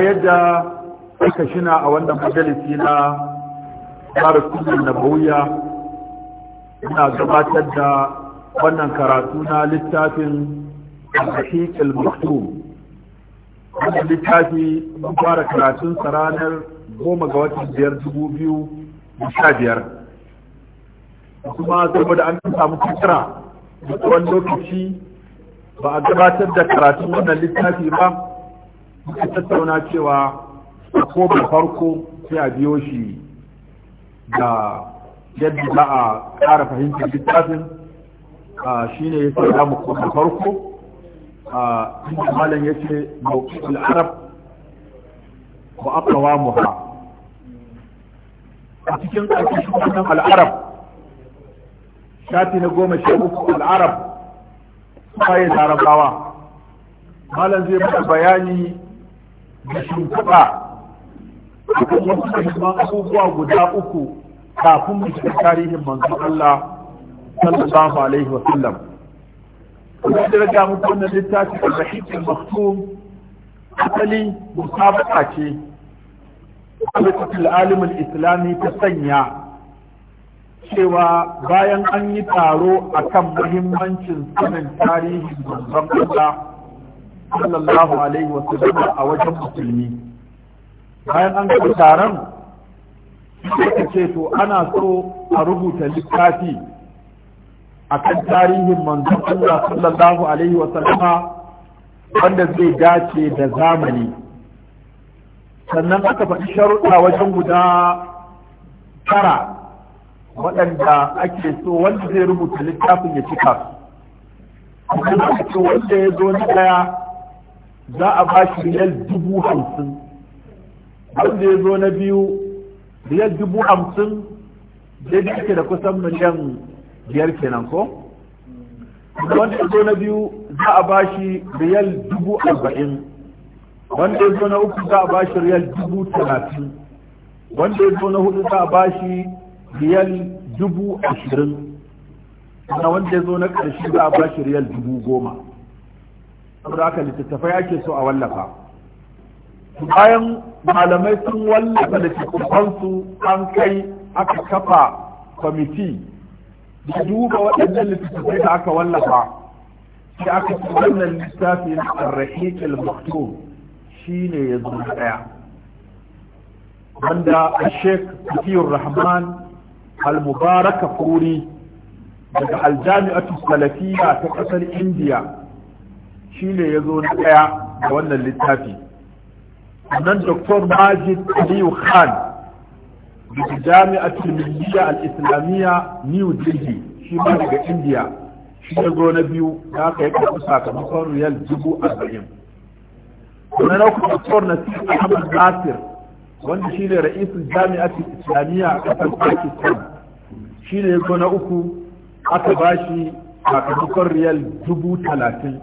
kamar yadda aka shina a wannan majalisi na tsara kudin na bauya ina gabatar da wannan karatu na littafin al-haqiqil wannan littafi mun fara karatun sa ranar goma ga watan biyar dubu biyu da sha biyar kuma saboda an samu fitira da tsawon lokaci ba a gabatar da karatun wannan littafi ba muka tattauna cewa ko ba farko sai a biyo shi da yadda za a ƙara fahimtar littafin shi ne ya zamu ko ba farko inda malam ya ce mawuƙin arab ba akawa mu ha a cikin ƙarfi wannan al'arab shafi na goma sha uku al'arab ya larabawa malam zai bada bayani da shimfiɗa a wasu mahimman abubuwa guda uku kafin mu shiga tarihin manzon Allah sallallahu alaihi wa sallam kuma da ga muku wannan littafi al-bahith al-maktum asali ce Abdul Alim islami ta sanya cewa bayan an yi taro akan muhimmancin sanin tarihin manzon Allah sallallahu alaihi wa sallam a wajen musulmi bayan an kai taron suka ce to ana so a rubuta littafi akan tarihin manzon Allah sallallahu alaihi wa sallama wanda zai dace da zamani sannan aka faɗi sharuɗa wajen guda tara waɗanda ake so wanda zai rubuta littafin ya cika su wanda ya zo na ɗaya za a ba shi riyal dubu hamsin wanda ya zo na biyu riyal dubu hamsin daidai ake da kusan miliyan biyar kenan ko wanda ya zo na biyu za a ba shi riyal dubu arba'in wanda ya zo na uku za a ba shi riyal dubu talatin wanda ya zo na hudu za a ba shi riyal dubu ashirin wanda ya zo na ƙarshe za a ba shi riyal dubu goma saboda haka littattafai ake so a wallafa bayan malamai sun wallafa littattafansu an kai aka kafa kwamiti da duba waɗannan littattafai da aka wallafa da aka ci wannan littafi na arrahiq al-maktum shine ya zo daya wanda Sheikh Tafiyur Rahman al-Mubarak Furi daga Aljami'atu Salafiyya ta ƙasar Indiya shi ne ya zo na ɗaya da wannan littafi sannan dr majid aliyu khan daga jami'ar miliyya al-islamiyya new delhi shi ma daga india shi ya zo na biyu da aka yi karɓi sakamakon riyal dubu arba'in sannan uku dr nasir ahmad nasir wanda shi ne ra'isin jami'atul islamiyya a ƙasar pakistan shi ne ya zo na uku aka ba shi sakamakon riyal dubu talatin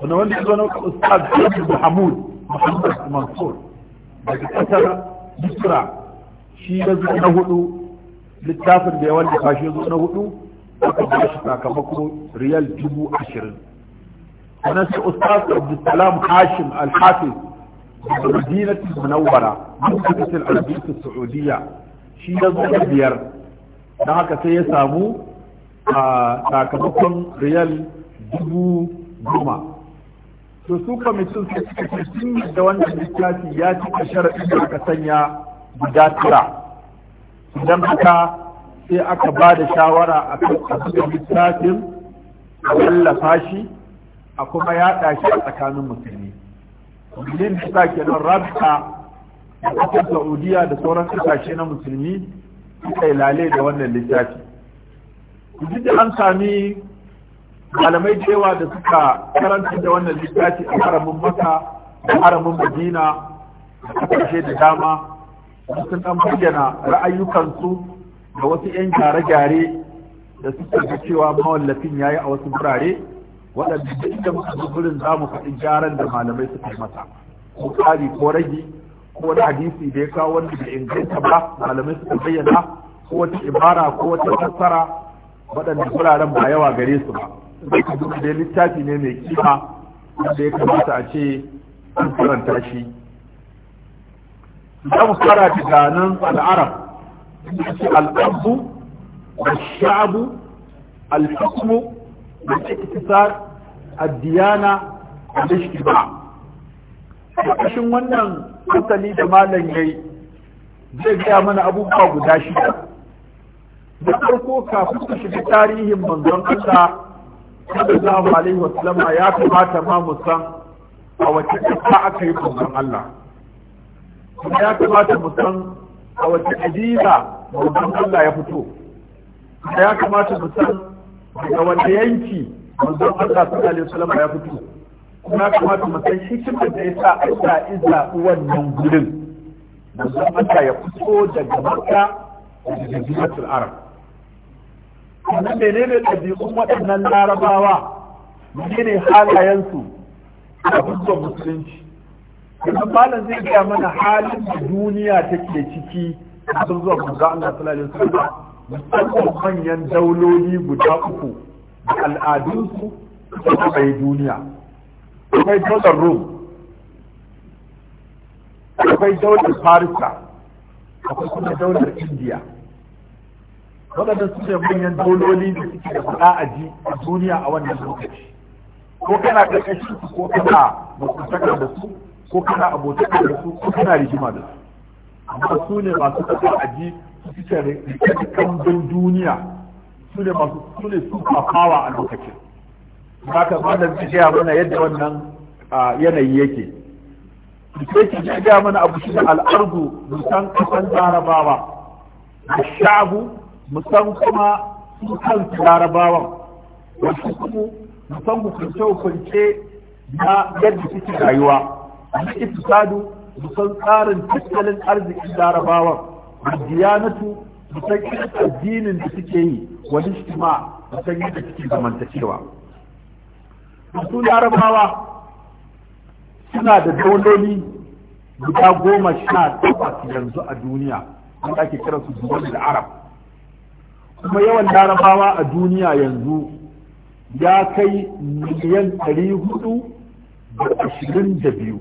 wanda wanda ya zo na ustaz Abdul Muhammad Muhammad Mansur daga kasar Misra shi ya zo na hudu littafin da ya wallafa shi ya zo na hudu aka ba shi sakamako riyal dubu ashirin sannan sai ustaz Abdulsalam Hashim Al-Hafiz daga Madinatul Munawwara Masjidul Arabiyyah Saudiya shi ya zo biyar don haka sai ya samu a sakamakon riyal dubu goma to su kwamitin su suka ce sun da wannan littafi ya cika sharaɗin da aka sanya guda tara idan haka sai aka ba da shawara a kan a littafin a wallafa shi a kuma yaɗa shi a tsakanin musulmi domin ke nan rabta da ƙasar saudiya da sauran ƙasashe na musulmi suka yi lale da wannan littafi duk da an sami malamai da yawa da suka karanta da wannan littafi a haramin maka da haramin madina da ƙarshe da dama sun dan bayyana ra'ayyukansu da wasu 'yan gyare-gyare da suka ga cewa mawallafin ya yi a wasu birare waɗanda da muka zo gurin za mu faɗi gyaran da malamai suka yi masa ko ƙari ko rage ko wani hadisi da ya kawo wanda bai inganta ba malamai suka bayyana ko wata ibara ko wata fassara waɗanda guraren ba yawa gare su ba da littafi ne mai kima wanda ya kamata a ce an karanta shi za mu fara daga nan al'arab inda ce al'abdu da sha'abu al-hukmu da iktisar addiyana da ishtiba ƙarƙashin wannan asali da malam yayi zai gaya mana abubuwa guda shida da farko kafin su shiga tarihin manzon Allah sallallahu alaihi wasallama ya kamata ma mu san a wace kasa aka yi manzon Allah kuma ya kamata mu san a wace ƙabila manzon Allah ya fito ya kamata mu san daga wanda yanki manzon Allah sallallahu alaihi wasallama ya fito kuma ya kamata mu san hikimar da ya sa Allah izza wannan gurin manzon Allah ya fito daga Makka daga Madinatul Arab sannan menene ɗabi'un waɗannan larabawa menene halayensu a fuskar musulunci kuma malam zai gaya mana halin da duniya take ciki a sun zuwa manzo Allah sallallahu alaihi wasallam musamman manyan dauloli guda uku da al'adunsu da suka yi duniya akwai daular rum. akwai daular Farisa akwai kuma daular Indiya. waɗanda su ne manyan dololi da suke da faɗa a ji a duniya a wannan lokaci ko kana ƙarƙashin su ko kana mutuntakar da su ko kana abotakar da su ko kana rigima da su amma su ne masu faɗa a ji su kan rikadikan duniya su ne masu su ne su kafawa a lokacin za ka ba da zai mana yadda wannan yanayi yake sai ki ji gaya mana abu shi da al'ardu musan kasan larabawa da sha'abu musan kuma su kan larabawan wasu kuma musan hukunce-hukunce na yadda suke rayuwa na iftisadu musan tsarin tattalin arzikin larabawan da diyanatu musan irin addinin da suke yi wani shima musan yadda suke zamantakewa su larabawa suna da dauloli guda goma sha takwas yanzu a duniya wanda ake kira su da arab kuma yawan larabawa a duniya yanzu ya kai miliyan ɗari hudu da ashirin da biyu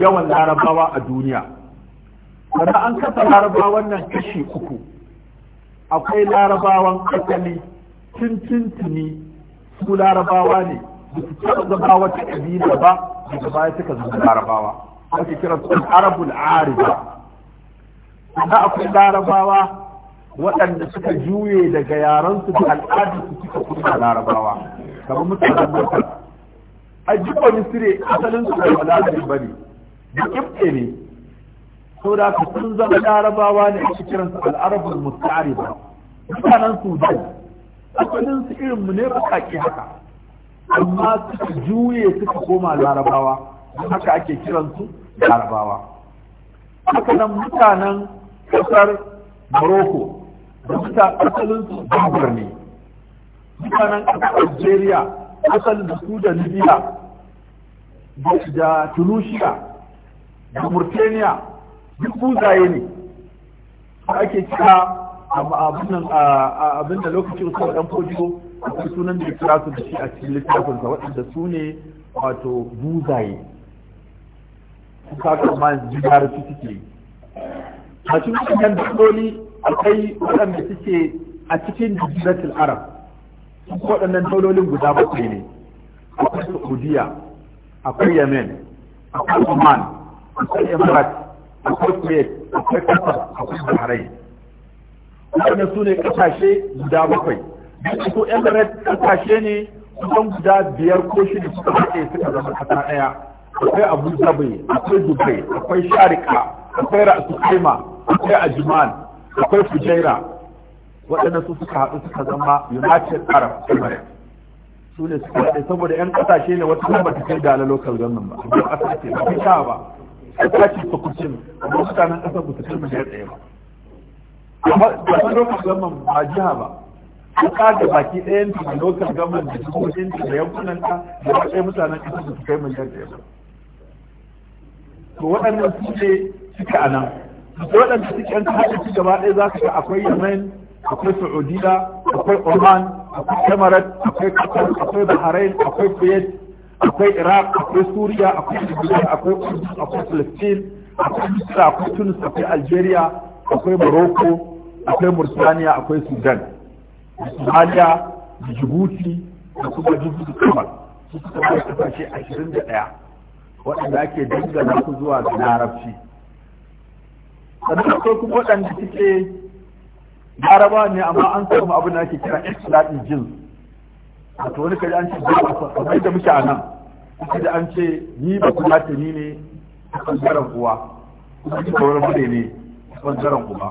yawan larabawa a duniya Kada an kasa larabawan nan kashi uku akwai larabawan asali tuntuntuni su larabawa ne da su ta zama wata ƙabila ba daga baya suka zama larabawa ake kira su arabul ariba Kuma akwai larabawa waɗanda suka juye daga yaransu da su suka kuma larabawa kamar mutanen a jiɓa misire asalin su da ba ne da kibke ne da ka sun zama larabawa ne ake kiransu al'arabul ba. mutanen sudan asalin su irin mu ne bakake haka amma suka juye suka koma larabawa don haka ake kiransu larabawa haka nan mutanen ƙasar morocco da mutan asalin su babur ne mutanen ƙasar algeria asalin da su da libya da tunisia da murtaniya duk buzaye ne ake kira abin da lokacin su dan fojo akwai sunan da kira su da shi a cikin littafinsa waɗanda su ne wato buzaye su kaka ma jihar su suke a cikin kan daloli akwai waɗanda suke a cikin jaziratul arab waɗannan daulolin guda bakwai ne akwai saudiya akwai yemen akwai oman akwai emirat akwai kuwait akwai qatar akwai bahrain waɗannan su ne ƙasashe guda bakwai duk ko emirat ƙasashe ne kusan guda biyar ko shida suka haɗe suka zama ƙasa ɗaya akwai abu zabai akwai dubai akwai sharika akwai ra'asu akwai ajiman akwai fujaira waɗanda su suka haɗu suka zama united arab emirates su ne suka haɗe saboda yan ƙasashe ne wata kuma ta kai da ala local government ba ko ƙasa ce ba ta ba su ce ta kucin amma mutanen ƙasa ba ta kai mu da tsaye ba amma ba ta local government ba jiha ba ka ƙaga baki ɗayan ta da local government da jihohin ta da yankunan ta da ba ɗaya mutanen ƙasa ba ta kai mu da tsaye ba to waɗannan su ne suka a nan waɗanda suke yan haɗin su gaba ɗaya za ka ga akwai yemen akwai saudiya akwai oman akwai kamarat akwai qatar akwai bahrain akwai kuwait akwai iraq akwai suriya akwai libya akwai kudus akwai palestine akwai misra akwai tunis akwai algeria akwai morocco akwai murtaniya akwai sudan somalia da djibouti da kuma djibouti kamar su suka kai kasashe 21 waɗanda ake dangana su zuwa ga larabci sannan akwai kuma waɗanda suke jaraba ne amma an samu abu na ke kira jin a to wani kaji an ce kamar da muke a nan da an ce ni ba ku ta ni ne a ɓangaren kuwa kuma ni kawar mure ne a ɓangaren kuma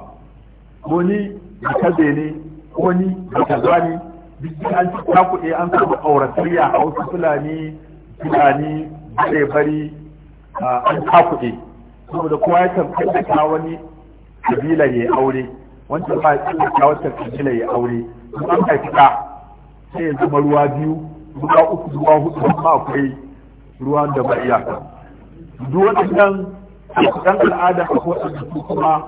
ko ni da kaze ne ko ni da kaza ne duk an ce ta kuɗe an samu auratayya a wasu fulani fulani bare bari an ta kuɗe saboda kowa ya ta wani kabila ya aure wancan ba ya ta wata kabila ya aure kuma an haifi ka sai ya zama ruwa biyu ruwa uku ruwa hudu kuma akwai ruwan da ba iya duk waɗannan dan al'ada ko waɗanda su kuma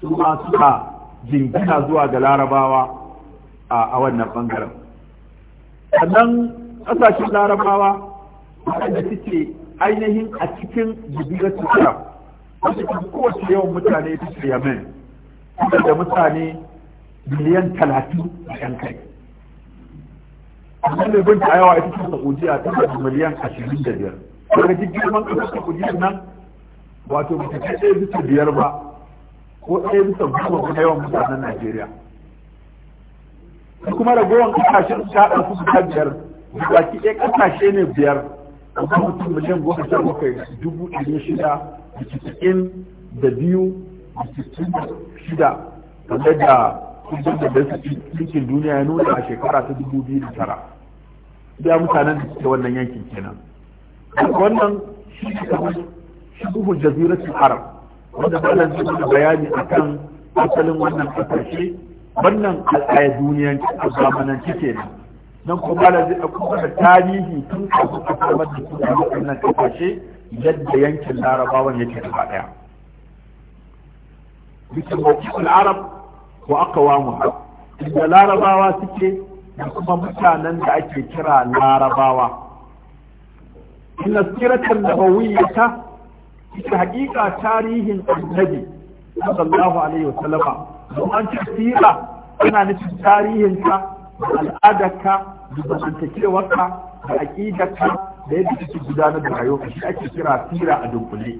su ma suka jingina zuwa ga larabawa a wannan bangaren sannan ƙasashen larabawa waɗanda suke ainihin a cikin jibirar arab wasu kan kowace yawan mutane ta kuma da mutane miliyan talatin a yan kai amma mai binta yawa ita ce saudiya ta da miliyan ashirin da biyar daga girman kasar saudiya nan wato ba ta kai ɗaya bisa biyar ba ko ɗaya bisa goma na yawan mutanen najeriya kuma ragowar kasashen shaɗar su ta biyar baki ɗaya kasashe ne biyar amma mutum miliyan goma sha bakwai dubu ɗari shida da cikin da biyu da cikin da shida kamar da kundin da da cikin duniya ya nuna a shekara ta dubu biyu da tara ya mutanen da suke wannan yankin kenan wannan shi ne kamar shubuhul jaziratul arab wanda zan zai mana bayani akan asalin wannan kasashe wannan al'ayar duniyan a zamanan cike nan kuma malam zai akwai da tarihi tun kafin a samar da su a wannan kasashe yadda yankin larabawan yake gaba daya bisa mawqifin arab wa aqwamuha inda larabawa suke da kuma mutanen da ake kira larabawa inna siratan nabawiyyata ita hakika tarihin annabi sallallahu alaihi wasallama don an ce sira ana nufin tarihinka da al'adarka da zamantakewarka da aƙidarka da yadda ake gudanar da rayuwa shi ake kira sira a dunkule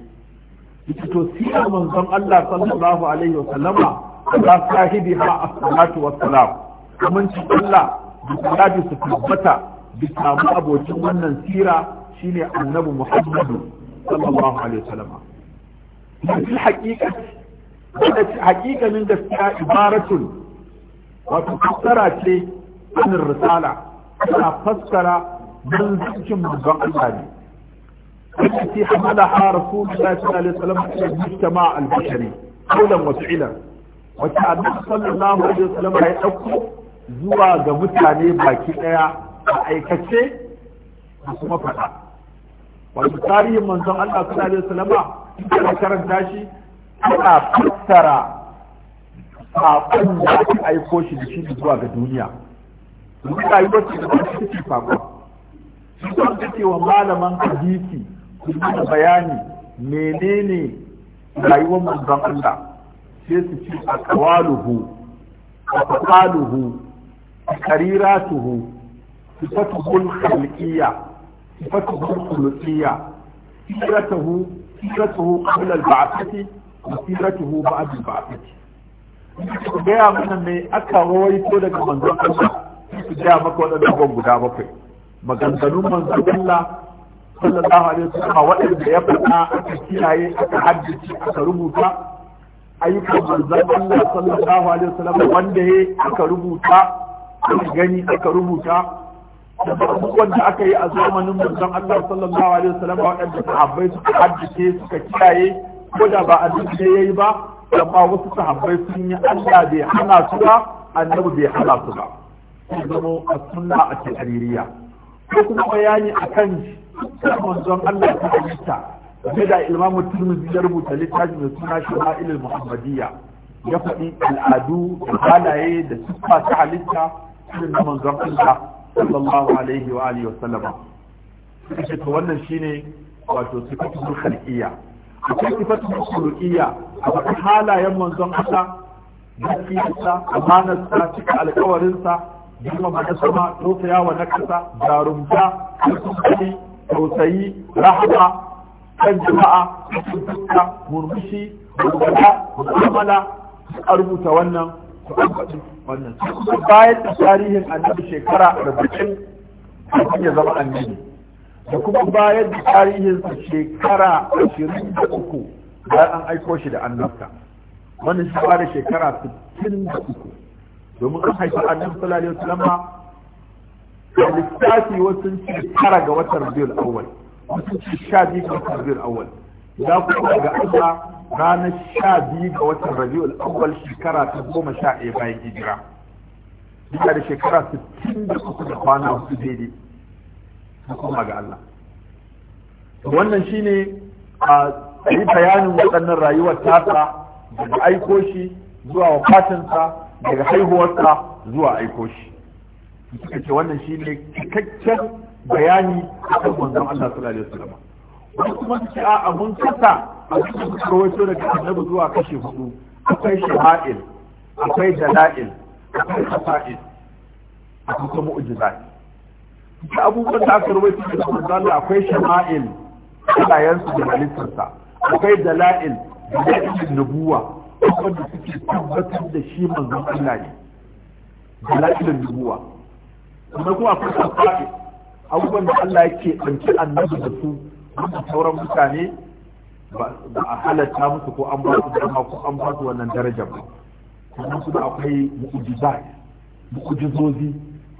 ita to sirar manzon Allah sallallahu alaihi wa sallama ala sahibiha as-salatu was-salam kaman ci Allah da salatu su tabbata bi samu abokin wannan sira shine annabi Muhammadu sallallahu alaihi wa sallama fil haqiqati wanda min gaskiya ibaratun wato fassara ce anin risala tana fassara manzancin manzon Allah ne التي حملها رسول الله صلى الله عليه وسلم على المجتمع البشري قولا وفعلا وتعالى صلى الله عليه وسلم ya ɗauko zuwa ga mutane baki ɗaya a aikace da kuma faɗa tarihin manzon Allah sallallahu alaihi da karanta shi ana fassara saƙon da aiko shi da shi zuwa ga duniya. Duk da ta sun kake wa malaman hadisi su mana bayani menene rayuwar manzon Allah sai su ci a kawaluhu a faqaluhu a kariratuhu sifatuhul khalqiyya sifatuhul khuluqiyya siratuhu siratuhu qabla al-ba'thati wa siratuhu ba'da al-ba'thati ku gaya mana me aka rawaito daga manzon Allah su gaya maka dogon guda bakwai maganganun manzon Allah sallallahu alaihi wasallam waɗanda ya faɗa aka kiyaye aka haddace aka rubuta ayyukan manzon Allah sallallahu alaihi wasallam wanda ya aka rubuta aka gani aka rubuta da abubuwan da aka yi a zamanin manzon Allah sallallahu alaihi wasallam waɗanda sahabbai suka haddace suka kiyaye ko da ba abin da yayi ba amma wasu sahabbai sun yi Allah bai hana su ba annabi bai hana su ba zamo a sunna a taririya ko kuma bayani a kan akan manzon Allah ta halitta game da imamu turmizi ya rubuta littafi mai suna shama'ilul muhammadiyya ya faɗi al'adu da halaye da siffa ta halitta irin na manzon Allah sallallahu alaihi wa alihi wa sallama suka ce to wannan shine wato sifatul khalqiyya akwai sifatul a akwai halayen manzon Allah gaskiyarsa amanarsa cika alkawarinsa girmama na sama tausaya wa na ƙasa jarumta alƙasari tausayi rahama kan jama'a cikin fuska murmushi dogara mu'amala a rubuta wannan su an faɗi wannan bayan da tarihin annabi shekara da bikin kafin ya zama annabi da kuma bayan da tarihin shekara ashirin da uku bayan an aiko shi da annabta wannan shi da shekara sittin da uku domin an haifi annabi sallallahu alaihi wasallam da lissafi wasu ci tara ga watan rabiul awwal wasu ci sha biyu ga watan rabiul awwal za ku ga Allah ranar sha biyu ga watan rabiul awwal shekara ta goma sha ɗaya bayan hijira duka da shekara sittin da uku da kwana wasu daidai ta koma ga Allah wannan shine a yi bayanin waɗannan rayuwar tasa daga aiko shi zuwa wafatinsa daga haihuwarsa zuwa aiko shi suka ce wannan shi ne cikakken bayani a kan manzon Allah sallallahu alaihi wasallam wasu kuma su ce a mun kasa a cikin rawaito daga annabi zuwa kashe hudu akwai shama'il akwai dala'il akwai kasa'il a kuma mu'jizat da abubuwan da aka rawaito daga manzon Allah akwai shama'il halayensu da halittarsa akwai dala'il da yadda nubuwa abubuwan da suke tabbatar da shi manzon Allah ne dalilin nubuwa kuma kuma akwai safa'i abubuwan da Allah yake ɗauki annabi da su wanda sauran mutane ba a halatta musu ko an ba su dama ko an ba su wannan darajar ba sannan kuma akwai mu'ujizat mu'ujizozi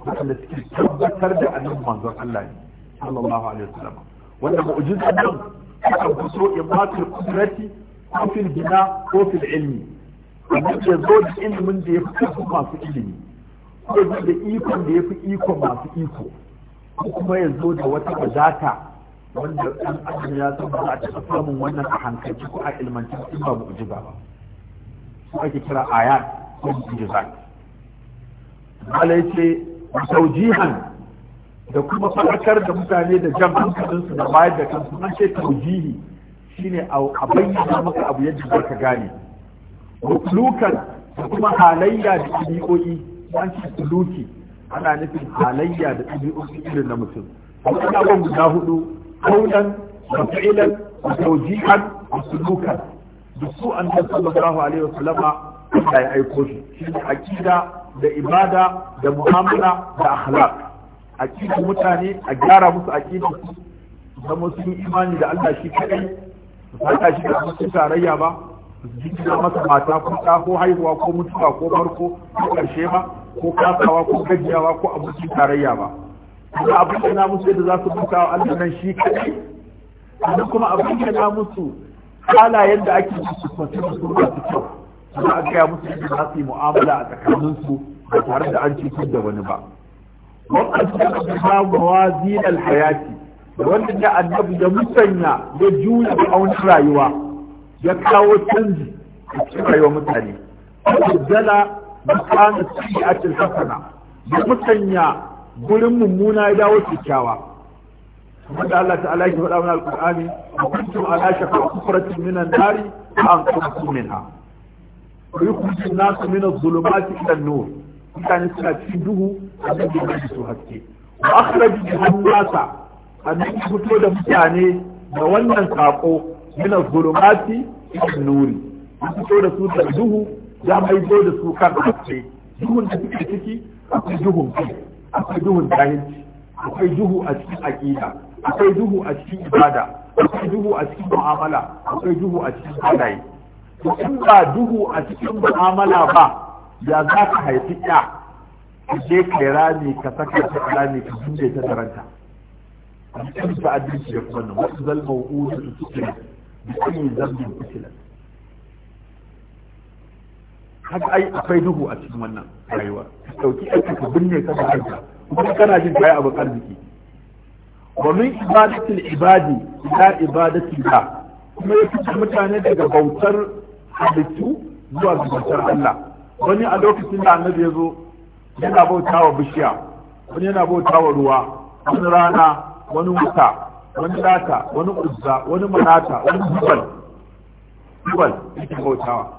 wanda suke tabbatar da annabi manzon Allah ne sallallahu alaihi wasallam wanda mu'ujizan nan akan fito imatul qudrati ko fil bina ko fil ilmi amma ya zo da ilimin da ya fi ƙarfin masu ilimi ko ya zo da ikon da ya fi ikon masu iko ko kuma ya zo da wata wadata wanda ɗan adam ya zama ba a taɓa samun wannan a hankali ko a ilmanci in ba mu ji ba su ake kira ayat ko mu'jiza Allah ya ce taujihan da kuma faɗakar da mutane da jan hankalinsu da bayar da kansu an ce taujihi shine a bayyana maka abu yadda za ka gane sulukan da kuma halayya da ɗabi'o'i an ce suluki ana nufin halayya da ɗabi'o'i irin na mutum wani abin guda hudu kaunan da fa'ilan da taujihan da sulukan da su an da sallallahu alaihi wasallama da ya aiko shi shine aqida da ibada da mu'amala da akhlaq aqidar mutane a gyara musu aqidar su zama imani da Allah shi kadai ba ta shi da abokin tarayya ba su gina masa mata ko ta ko haihuwa ko mutuwa ko farko ko karshe ba ko kasawa ko gajiyawa ko abokin tarayya ba kuma abin da na musu yadda za su buka wa Allah nan shi kaɗai sannan kuma abin da na musu kala yadda ake su kwanci da su masu kyau za a gaya musu yadda za su yi mu'amala a tsakaninsu ba tare da an cutar da wani ba. Wannan shi ne Zinar Hayati. wanda da annabi da musanya ya juya tsawon rayuwa ya kawo canji a cikin rayuwar mutane da dala a sayyi'atul hasana ya musanya gurin mummuna ya dawo kyakkyawa Kuma da Allah ta'ala ya faɗa mana alqur'ani wa kuntum ala shaqqa kufratin minan nari an anqadhakum minha wa yukhrijun an-nasu min adh-dhulumati ila an-nur mutane suna cikin duhu a cikin su haske wa akhrajna an-nasa annabi fito da mutane da wannan saƙo, mina zulumati ibn nuri fito da su da duhu ya mai zo da su kan haske duhun da suke ciki akwai duhun kai akwai duhun jahilci akwai duhu a cikin aqida akwai duhu a cikin ibada akwai duhu a cikin mu'amala akwai duhu a cikin halaye to in ba duhu a cikin mu'amala ba ya za ka haifi ya je kai rami ka saka ta rami ka bude ta taranta kan ta adalci kuma nan wasu zalma wuce su cikin da kan zambin fitilan haka ai akwai duhu a cikin wannan rayuwa ka ɗauki aiki ka binne ka da kanka kuma kana jin kai abin arziki wa min ibadatil ibadi ila ibadatil ba kuma ya fitar mutane daga bautar halittu zuwa ga bautar Allah wani a lokacin da annabi ya zo yana bautawa bishiya wani yana wa ruwa wani rana wani wuta wani lata wani uzza wani manata wani jubal jubal yake bautawa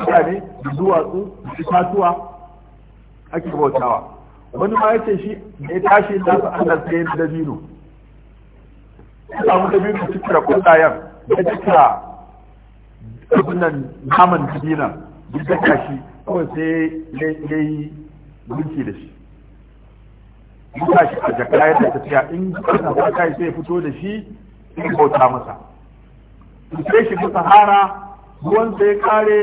fuka ne da duwatsu da itatuwa ake bautawa wani ma yake shi da ya tashi da su Allah sai da dabino ya samu dabino da kudayen ya cikira abin naman dabinan duk da shi, kawai sai ya yi gunki da shi duka shi a jaka ta tafiya in kasa ba kai sai fito da shi in bauta masa in sai shi ga sahara ruwan sai kare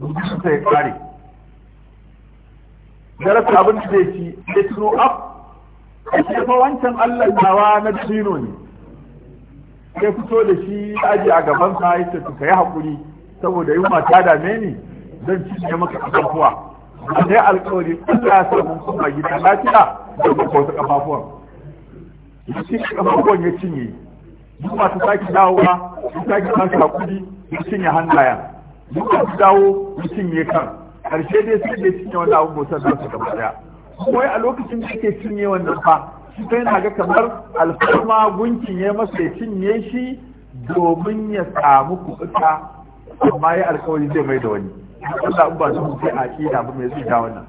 ruwan sai kare darasa abin da zai ci ya tuno ab fa wancan allah dawa na tsino ne Sai fito da shi aji a gaban sa ya ce ka yi hakuri saboda yunwa ta dame ni zan ci ne maka kafuwa a dai alkawari allah ya sa mun kuma gida lafiya da kuma wasu kafafuwan ya cinye kafafuwan ya cinye duk masu sake dawowa ya sake ba shi hakuri ya cinye hannayen duk masu dawo ya cinye kan karshe dai sai ya cinye wannan abin bautar da su gaba daya kuma a lokacin da yake cinye wannan fa shi sai na ga kamar alfarma gunkin ya masa ya cinye shi domin ya samu kuɓuta amma ya alkawari zai mai da wani Allah in ba su mutu a aƙida ba mai ja wannan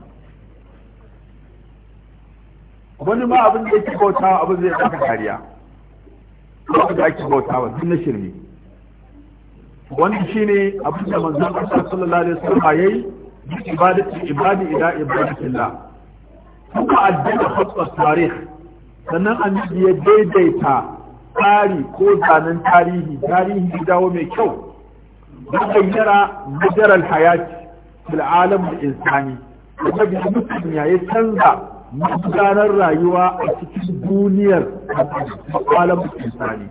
wani ma abin da yake bauta abin zai baka kariya abin da ake bauta wa duk na shirme wani shi ne abin da manzan Allah sallallahu alaihi wasallam yi ibadatu ibadi ila ibadatillah kuma addini fasal tarih sannan annabi ya daidaita tsari ko zanen tarihi tarihi ya dawo mai kyau da bayyana majaral hayati fil alam al insani da bi mutum ya yi canza gudanar rayuwa a cikin duniyar kwalon Sani.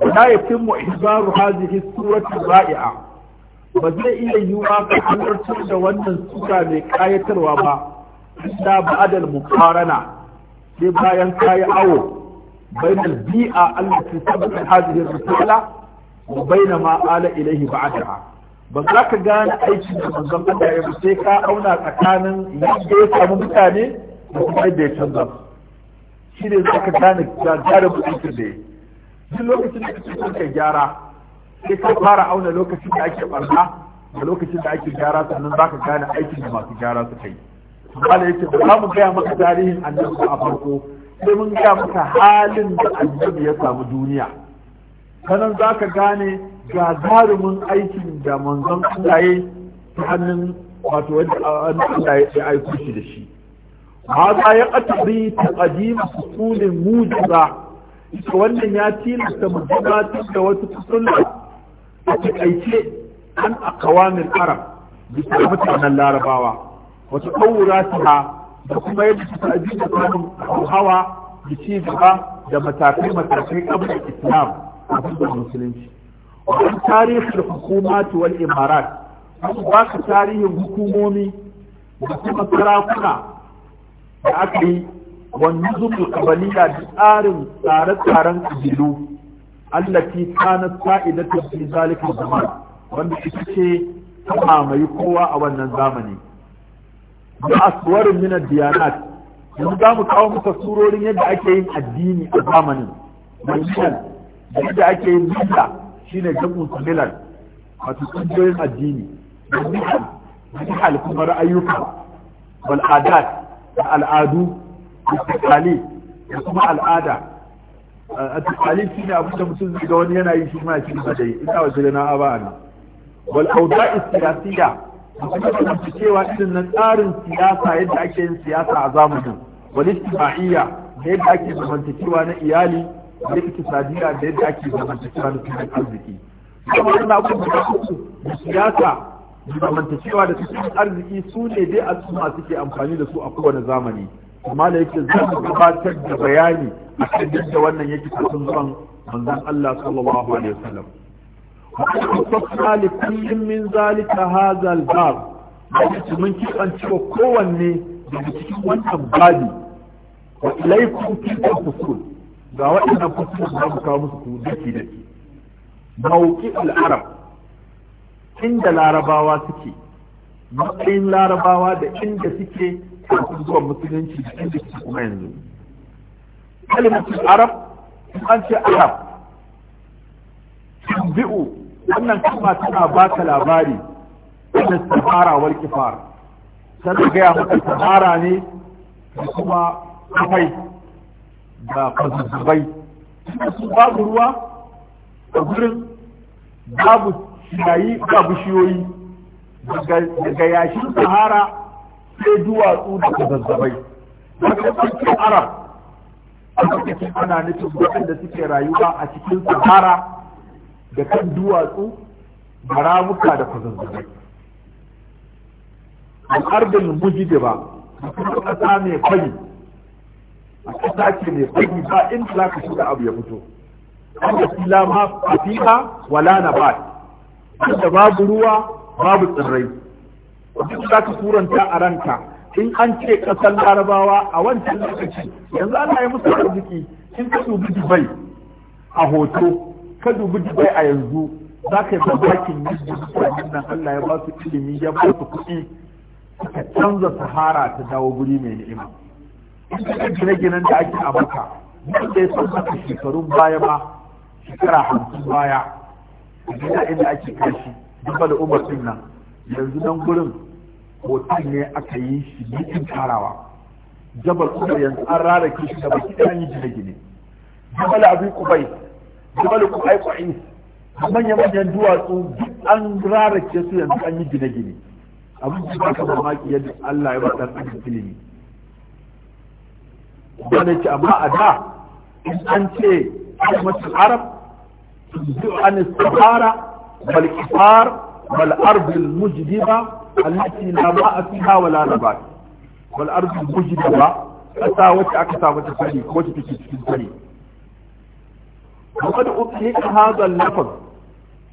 wanda ya fi mu izaru hajjihi suratun ra'i'a ba zai iya yi wa ka hannarcin da wannan suka mai kayatarwa ba ta ba'adal mukarana sai bayan kayi awo zi a allah ta sabbata hajjihi rasulullah wa baina ma ilaihi ba za ka gane aikin da manzon Allah ya sai ka auna tsakanin yadda ya samu mutane da kuma yadda ya canza shi ne za gane gyara mutunci da ya duk lokacin da kake son ka gyara sai ka fara auna lokacin da ake barna da lokacin da ake gyara sannan za ka gane aikin da masu gyara suka yi Allah yake ba mu gaya maka tarihin annabi a farko sai mun gaya maka halin da annabi ya samu duniya sanan za ka gane gagarumin aikin da manzon Allah ya ta hannun wato wanda Allah ya aiko shi da shi hada ya qatbi taqdim usul mujiba ita wannan ya tilasta mu gabatar da wata sunna a takaice an akawamin arab bisa mutanen larabawa wata ɗaura ta da kuma yadda ta ta'aji da samun hawa da ci gaba da matakai matakai kabin islam a cikin musulunci wani tarihin ta wani imarat an baka tarihin hukumomi da kuma sarakuna da aka yi wani zubul kabaliya da tsarin tsare-tsaren kabilu allati kanat sa'idatu fi zalikin zama wanda ita ce ta mamaye kowa a wannan zamani da asuwarin minar diyanat yanzu za mu kawo muka surorin yadda ake yin addini a zamanin da yadda ake yin shi ne jamun milal wato kungiyoyin addini da mihal mihal kuma ra'ayyuka wal da al'adu da tukali da kuma al'ada a tukali shi ne abinda mutum zai ga wani yana yi shi ma cikin ma ina wace da na aba ana wal auda siyasiya da kuma kasancewa irin na tsarin siyasa yadda ake yin siyasa a zamanin wal istima'iyya da yadda ake zamantakewa na iyali da iktisadiyya da yadda ake zamantakewa na tattalin arziki kuma wannan abubuwa da siyasa zamantakewa da cikin arziki su ne dai al'umma suke amfani da su a kowane zamani amma da yake zan gabatar da bayani a kan yadda wannan yake kasan zuwan manzon Allah sallallahu alaihi wasallam wa li kullin min zalika hadha al-bab mun kibance wa kowanne daga cikin wannan babi wa ilaykum tilka ga waɗannan fusul da muka musu daki daki mawqi al-arab inda larabawa suke matsayin larabawa da inda suke kafin zuwa musulunci da inda suke kuma yanzu kalimatul arab an ce arab tambi'u wannan kalma tana ba ta labari da sahara wal kifar ga gaya maka sahara ne da kuma kafai da kwazazzabai babu ruwa a gurin babu yayi ga bishiyoyi daga yashin sahara sai duwatsu da kazazzabai daga cikin arab a lokacin ana nufin waɗanda suke rayuwa a cikin sahara da kan duwatsu da ramuka da kazazzabai al'ardin mujidiba da kuma ƙasa mai fari a ƙasa ce mai fari ba inda za ka shiga abu ya fito an fila ma fatiha wala na ba da babu ruwa babu tsirrai duk za ka kuranta a ranka in an ce ƙasar larabawa a wancan lokaci yanzu ana yi musu arziki in ka dubi dubai a hoto ka dubi dubai a yanzu za ka yi babakin yadda mutanen nan allah ya ba su ilimi ya ba su kuɗi Ka canza sahara ta dawo guri mai ni'ima in ka gine-ginen da ake a maka wanda ya san maka shekarun baya ma shekara hamsin baya gida inda ake kashi duk da umar din nan yanzu nan gurin hotel ne aka yi shi bikin tarawa jabal umar yanzu an rara kishi da baki ɗan yi gine-gine jabal abin kubai jabal kubai kubai manya-manyan duwatsu duk an rara ke su yanzu an yi gine-gine abin da ba ka mamaki yadda Allah ya ba ɗan ɗan ilimi ba da ce amma a da in an ce almatul arab تنزع عن الصحارى والكفار والأرض المجدبة التي لا ماء فيها ولا نبات والأرض المجدبة أتى وتأكسى وتفري وتفكي تفري وقد أطلق هذا اللفظ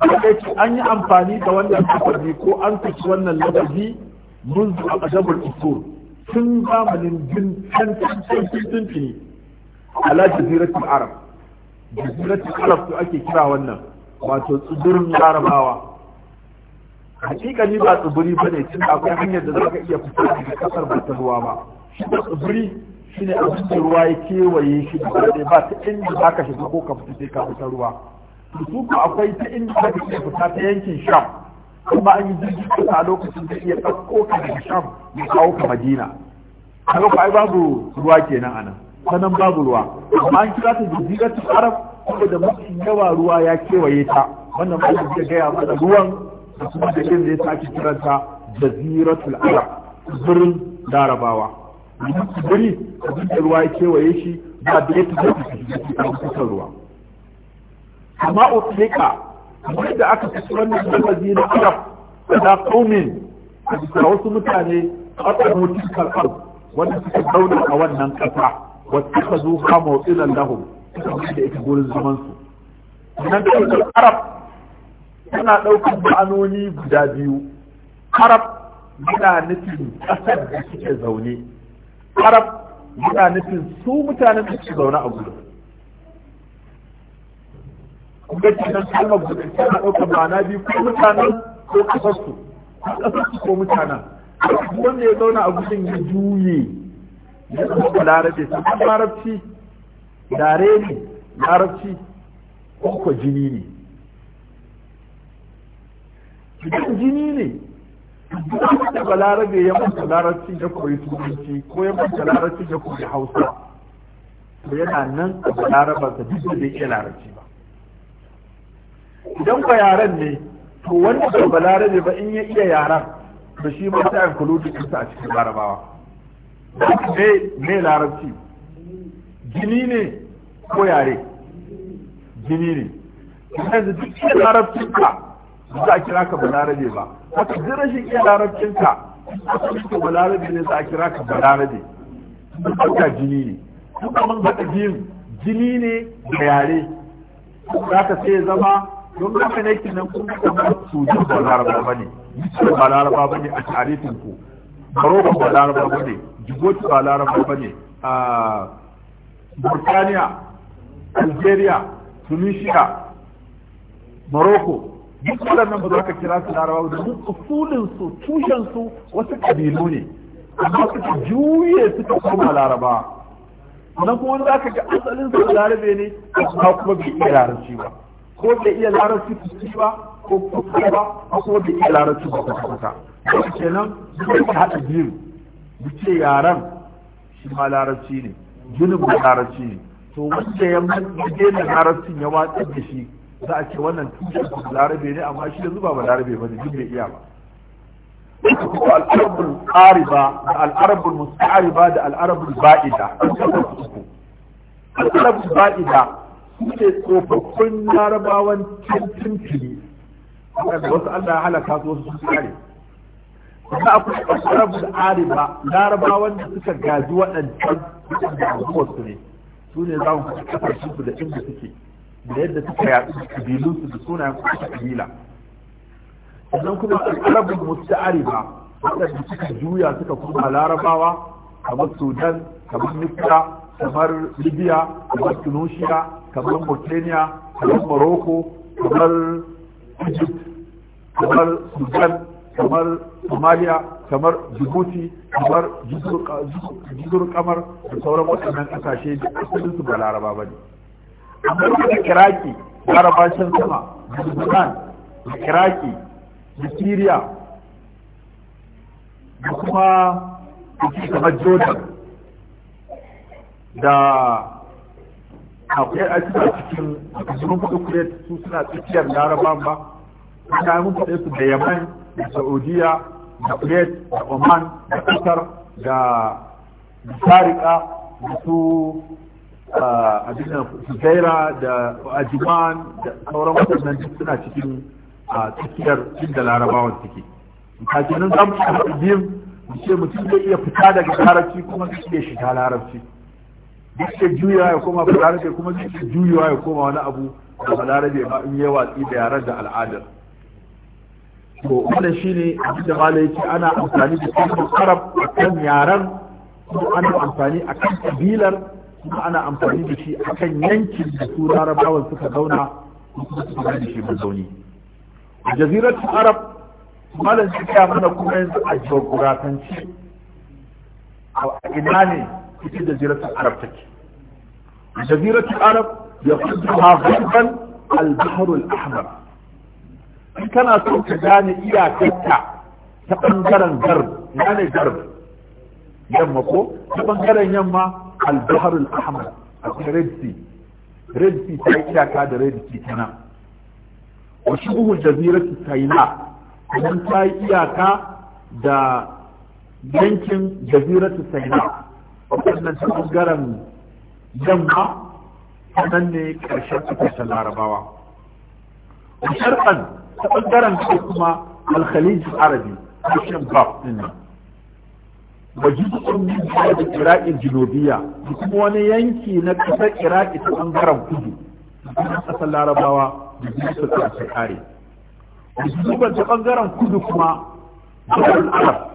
yake an yi amfani da wannan lafazi ko an saki wannan lafazi منذ أقدم الأصول tun zamanin bin can can can tun tuni ala jaziratul arab jaziratul kalaf to ake kira wannan wato tsibirin larabawa hakikani ba tsibiri ba ne tun akwai hanyar da za ka iya fita daga kasar ba ta ruwa ba shi da tsibiri shi ne abin ruwa ya kewaye shi da ba ta inda za ka shiga ko ka fita sai ka fita ruwa su ko akwai ta inda za ka iya fita ta yankin sham kuma an yi jirgin kasa a lokacin da iya ɗauko ka daga sham ya kawo ka madina a ai babu ruwa kenan a nan nan babu ruwa amma an kira ta ta arab da mafi yawa ruwa ya kewaye ta wannan malam zai gaya mana ruwan da kuma da yin zai sake kiranta jaziratul arab birnin larabawa domin su biri abin da ruwa ya kewaye shi ba da ya tafi da shi a kusan ruwa amma utlika kamar da aka fi wannan jirgin na arab da kaumin a wasu mutane a mutum kal'ar wanda suka zauna a wannan ƙasa واتخذوها موطنا لهم da ita gurin zaman su nan da arab tana ɗaukar ma'anoni guda biyu arab yana nufin ƙasar da suke zaune arab yana nufin su mutanen da suke zaune a gurin kuma kenan guda tana ɗaukar ma'ana biyu ko mutanen ko ƙasar su ko ƙasar su ko mutanen wanda ya zauna a gurin ya juye ya zama larabe sannan larabci dare ne larabci ko jini ne idan jini ne da Larabe ya manta larabci ya koyi turanci ko ya manta larabci ya hausa to yana nan a balaraba ta duk da iya larabci ba idan ba yaren ne to wanda ba balarabe ba in ya iya yaren ba shi ma ta da kusa a cikin larabawa me larabci jini ne ko yare jini ne yanzu duk iya larabcinka za a kira ka balarabe ba haka duk rashin iya larabcinka ka balarabe ne za a kira ka balarabe duka jini ne duk man haɗa biyun jini ne da yare za ka sai zama don haka ne kinan kun ga sojin sujin balaraba ba ne ba balaraba ba ne a tarihin ku baro ba balaraba ba ne Djibouti ba laraba ba ne a Burtaniya Algeria Tunisia Morocco duk waɗannan ba za ka kira su laraba ba duk usulin su tushen su wasu kabilu ne amma suka juye suka koma laraba nan kuma wani za ka ga asalin su larabe ne amma kuma bai iya larabci ba ko bai iya larabci su ba ko kuma ba ko bai iya larabci ba kwata-kwata kenan duk ka haɗa biyu muke yaran shi ma larabci ne ginin larabci ne to wanda ya mace da larabcin ya watsar da shi za a ce wannan tushen ba larabe ne amma shi yanzu zuba ba larabe ba ne duk bai iya ba al'arabul ƙariba da al'arabul musta'ariba da al'arabul ba'ida al'arabul ba'ida su ne tsofaffin larabawan tantantini waɗanda wasu allah ya halaka su wasu sun kare za a kuma da ariba larabawan da suka gaji waɗancan da su ne su ne za mu kuma su da inda suke da yadda suka yaɗu da ƙabilunsu da sunayen kusa ƙabila sannan kuma ƙasarabul musta'ariba waɗanda suka juya suka kuma larabawa kamar sudan kamar misra kamar libya kamar tunisia kamar mauritania kamar morocco kamar egypt kamar sudan kamar somalia kamar djibouti kamar jizur kamar da sauran waɗannan ƙasashe da asalinsu ba laraba ba ne amma da iraki laraba can sama da sudan da iraki da syria da kuma kamar jordan da akwai a cikin musulun kudu kuret su suna tsakiyar laraba ba wanda mun faɗe su da yaman da saudiya da kuwait da oman da qatar da sarika da su ah, abin zaira da ajiman da sauran waɗannan duk suna cikin ah, tsakiyar inda larabawan suke kakinan za mu haɗu biyun mu ce mutum zai iya fita daga larabci kuma zai iya shiga larabci duk da juyawa ya koma balarabe kuma zai iya juyawa ya koma wani abu da balarabe ba in yi watsi da yaren da al'adar to wanda shi ne abin da malai ce ana amfani da kalmar arab a kan yaren kuma ana amfani a kan kabilar kuma ana amfani da shi a kan yankin da su larabawan suka zauna kuma suka gani shi mazauni a jazirar arab malam shi ya mana kuma yanzu a jagoratance a ina ne ita jazirar arab take jazirar arab ya fi ha gurban al-bahrul ahmar in kana so ka gane iyakarta ta ɓangaren garb na garb yamma ko ta ɓangaren yamma al-bahar al-ahmar a red sea red sea ta yi iyaka da red sea ta wa shubuhu jaziratu sayna kuma ta yi iyaka da yankin jaziratu sayna wannan ta ɓangaren yamma nan ne ƙarshen ƙasashen larabawa sharɗan ta ɓangaren da kuma alkhalij arabi shan bab din nan wa juz'un min da jinobiya da kuma wani yanki na ƙasar iraqi ta ɓangaren kudu da ƙasar larabawa da biyu su ta kare zubar ta ɓangaren kudu kuma jihar arab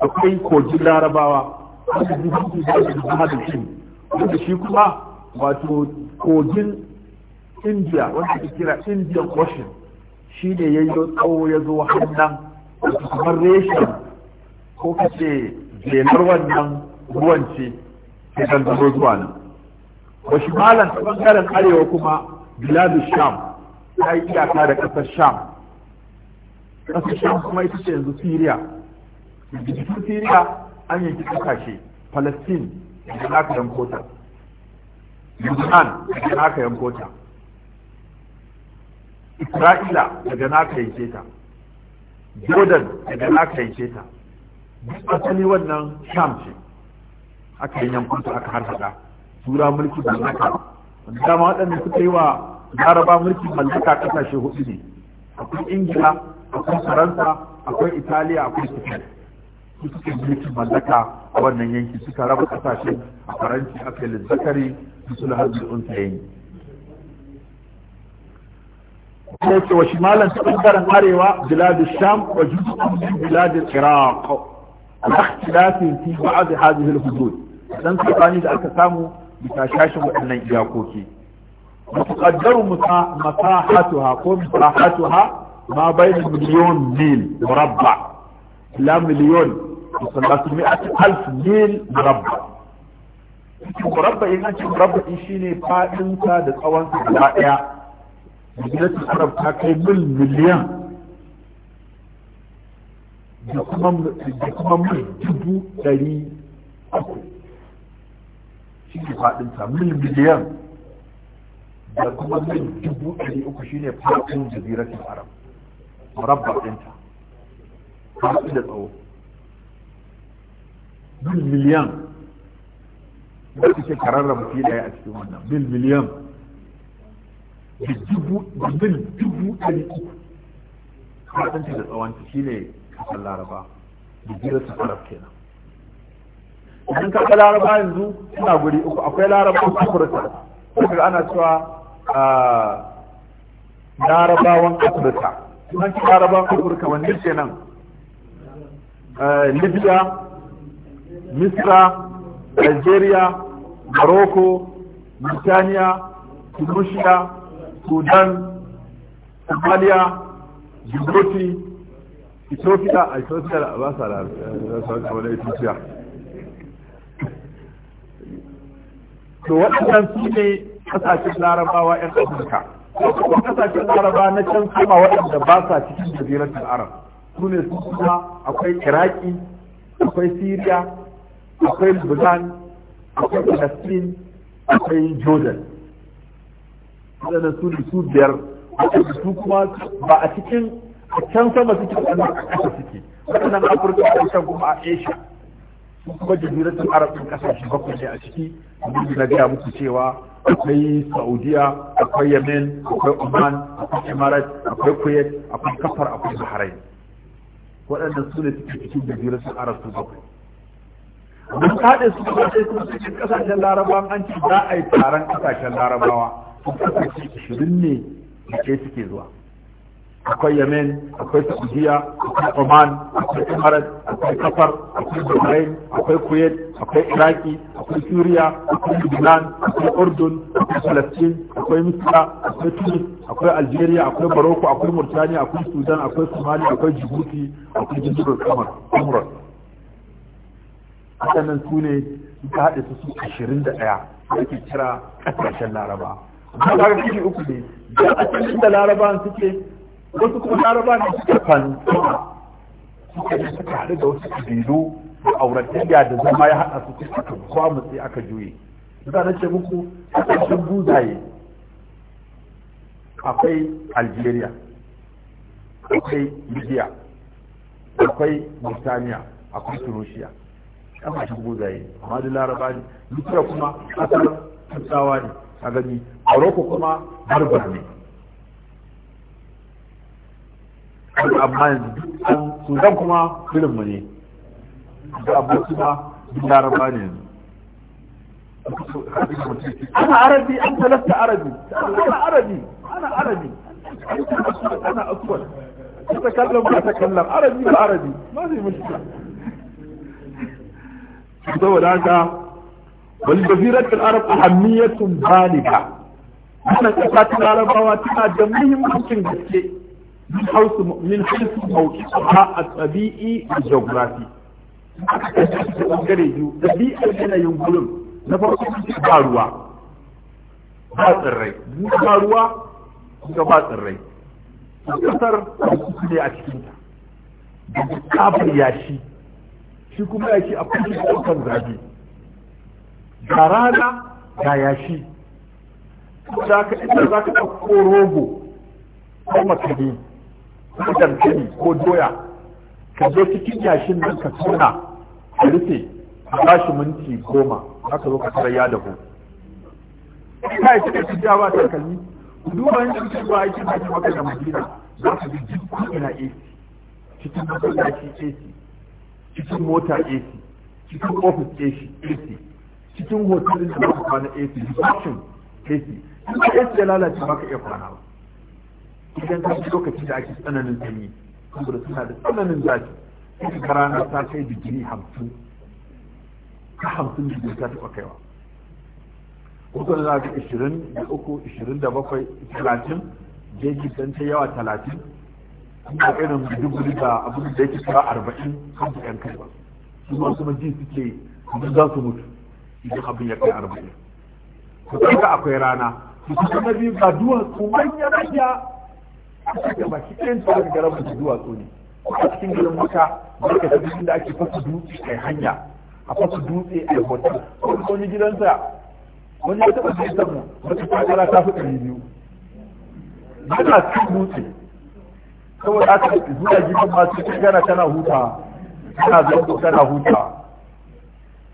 akwai kogin larabawa wanda zuhudu da zuhudu shi wanda shi kuma wato kogin Indiya wanda ke kira indian ocean shi ne ya yi tsawo ya zo hannun kamar reshen ko kace zelar wannan ruwan ce ke kan zama zuwa nan wa shimalan ta bangaren arewa kuma biladu sham ta yi iyaka da ƙasar sham ƙasar sham kuma ita ce yanzu siriya jikin siriya an yanki ƙasashe palestine da naka yankota yanzu da naka yankota isra'ila daga naka yake ta jordan daga naka yake ta asali wannan sham ce aka yi yankunta aka harhaɗa tura mulki mallaka dama waɗanda suka yi wa laraba mulki mallaka ƙasashe hudu ne akwai ingila akwai faransa akwai italiya akwai spain su suke mulkin mallaka a wannan yanki suka raba ƙasashe a faransa a yi lizzakari su sulhar da ta yanki yake wa shimalan ta bangaren arewa biladu sham wa juz'un min biladu iraq al-ikhtilaf fi ba'd hadhihi al-hudud dan tsakani da aka samu bisa shashin waɗannan iyakoki muqaddaru masahatuha ko masahatuha ma bayna miliyon mil murabba la miliyon musallatu mi'ati alf mil murabba murabba in an ce murabba shine fadin sa da tsawon sa gaba daya madinatul arab ta kai mil miliyan da kuma mil dubu dari uku shi ne faɗinta mil miliyan da kuma mil dubu dari uku shi ne faɗin jaziratul arab murabba ɗinta faɗi da tsawo mil miliyan da suke kararra mutane a cikin wannan mil miliyan da dubu da mil dubu ɗari uku faɗinta da tsawonta shi ne kasar laraba da jirasa arab kenan idan ka laraba yanzu suna guri uku akwai laraba a afirka daga ana cewa larabawan afirka sunan ci larabawan afirka wanne ce nan libya misra algeria morocco mauritania tunisia sudan somalia djibouti ethiopia a ethiopia ba sa da kamar da ethiopia to waɗannan su ne ƙasashen larabawa 'yan afirka ko kasashen ƙasashen laraba na can sama waɗanda ba sa cikin jaziratul arab su ne su kuma akwai iraki akwai syria akwai lebanon akwai palestine akwai jordan waɗannan su ne su biyar su kuma ba a cikin a can sama suke waɗannan a ƙasa suke waɗannan afirka a can kuma a asia su kuma jaziratul arab ɗin ƙasashe bakwai ne a ciki abin da na gaya muku cewa akwai saudiya akwai yemen akwai oman akwai emirat akwai kuwait akwai kafar akwai bahrain waɗannan su ne suke cikin jaziratul arab su bakwai mun kaɗe su kuma sai kuma cikin ƙasashen larabawa an ce za a yi taron ƙasashen larabawa kasashe ashirin ne da ke suke zuwa akwai yamen akwai saudiya akwai oman akwai imarat akwai kafar akwai bahrain akwai kuwait akwai iraki akwai suriya akwai lebanon akwai urdun akwai palestine akwai misra akwai tunis akwai algeria akwai morocco akwai Mauritania, akwai sudan akwai somalia akwai djibouti akwai jirgin kamar amurka waɗannan su ne suka haɗe su su ashirin da ɗaya ake kira ƙasashen laraba ba kishi uku ne da asalin da larabawan suke wasu kuma larabawan ne suke fantoma suka ne suka haɗu da wasu kabilu da auratayya da zama ya haɗa su suka sai aka juye za na ce muku kasashen buzaye akwai algeria akwai libya akwai mauritania akwai tunisia kasashen buzaye amma da laraba ne kuma kasar tsawa ne a gani maroko kuma harba ne amma yanzu an sudan kuma filinmu ne da abu kuma duk laraba ne yanzu ana arabi an talasta arabi ana arabi ana arabi ana aswad تتكلم وتتكلم Arabi بعربي ما في مشكله saboda haka wal jaziratul arab ahammiyatun balika wannan kasa ta larabawa tana da muhimmancin gaske min hausu min hausu mawqi'a at-tabi'i da geography aka kasance bangare biyu dabi'ar yanayin gurin na farko ba ruwa ba tsirrai ba ruwa ga ba tsirrai kasar ne a cikin ta. da kafin yashi shi kuma yashi a kusa da ɗaukan zabi ga rana ga yashi za ka zaka ɗauko rogo ko makani ko dankali ko doya ka zo cikin yashin nan ka tona ka rufe ka ba shi minti goma za ka zo ka tarar ya dahu ka yi cikin cikin ba takalmi duba yin cikin ba aikin da maka da madina za ka ji duk ko'ina AC cikin AC cikin mota AC cikin ofis AC cikin hotel da ba kwana AC option AC in ka AC ya lalace ba ka iya kwana ba idan ka ji lokaci da ake tsananin sanyi saboda suna da tsananin zafi sai ka rana ta kai digiri hamsin ka hamsin digiri ta taɓa kaiwa wasu na zafi ishirin da uku ishirin da bakwai talatin jeji dan ta yawa talatin kuma irin dubu da abin da yake kira arba'in kan su yan kai ba su ma kuma ji suke kamar za su mutu idan abin ya kai arba'in ku akwai rana ku biyu ga duwatsu manya manya baki ɗayan su daga da duwatsu ne a cikin da ka tafi inda ake fasa dutse hanya a fasa dutse a hotel wani wani gidansa wani ya taɓa wata ta fi ɗari biyu yana dutse saboda aka zuwa gidan masu gana tana hutawa tana tana hutawa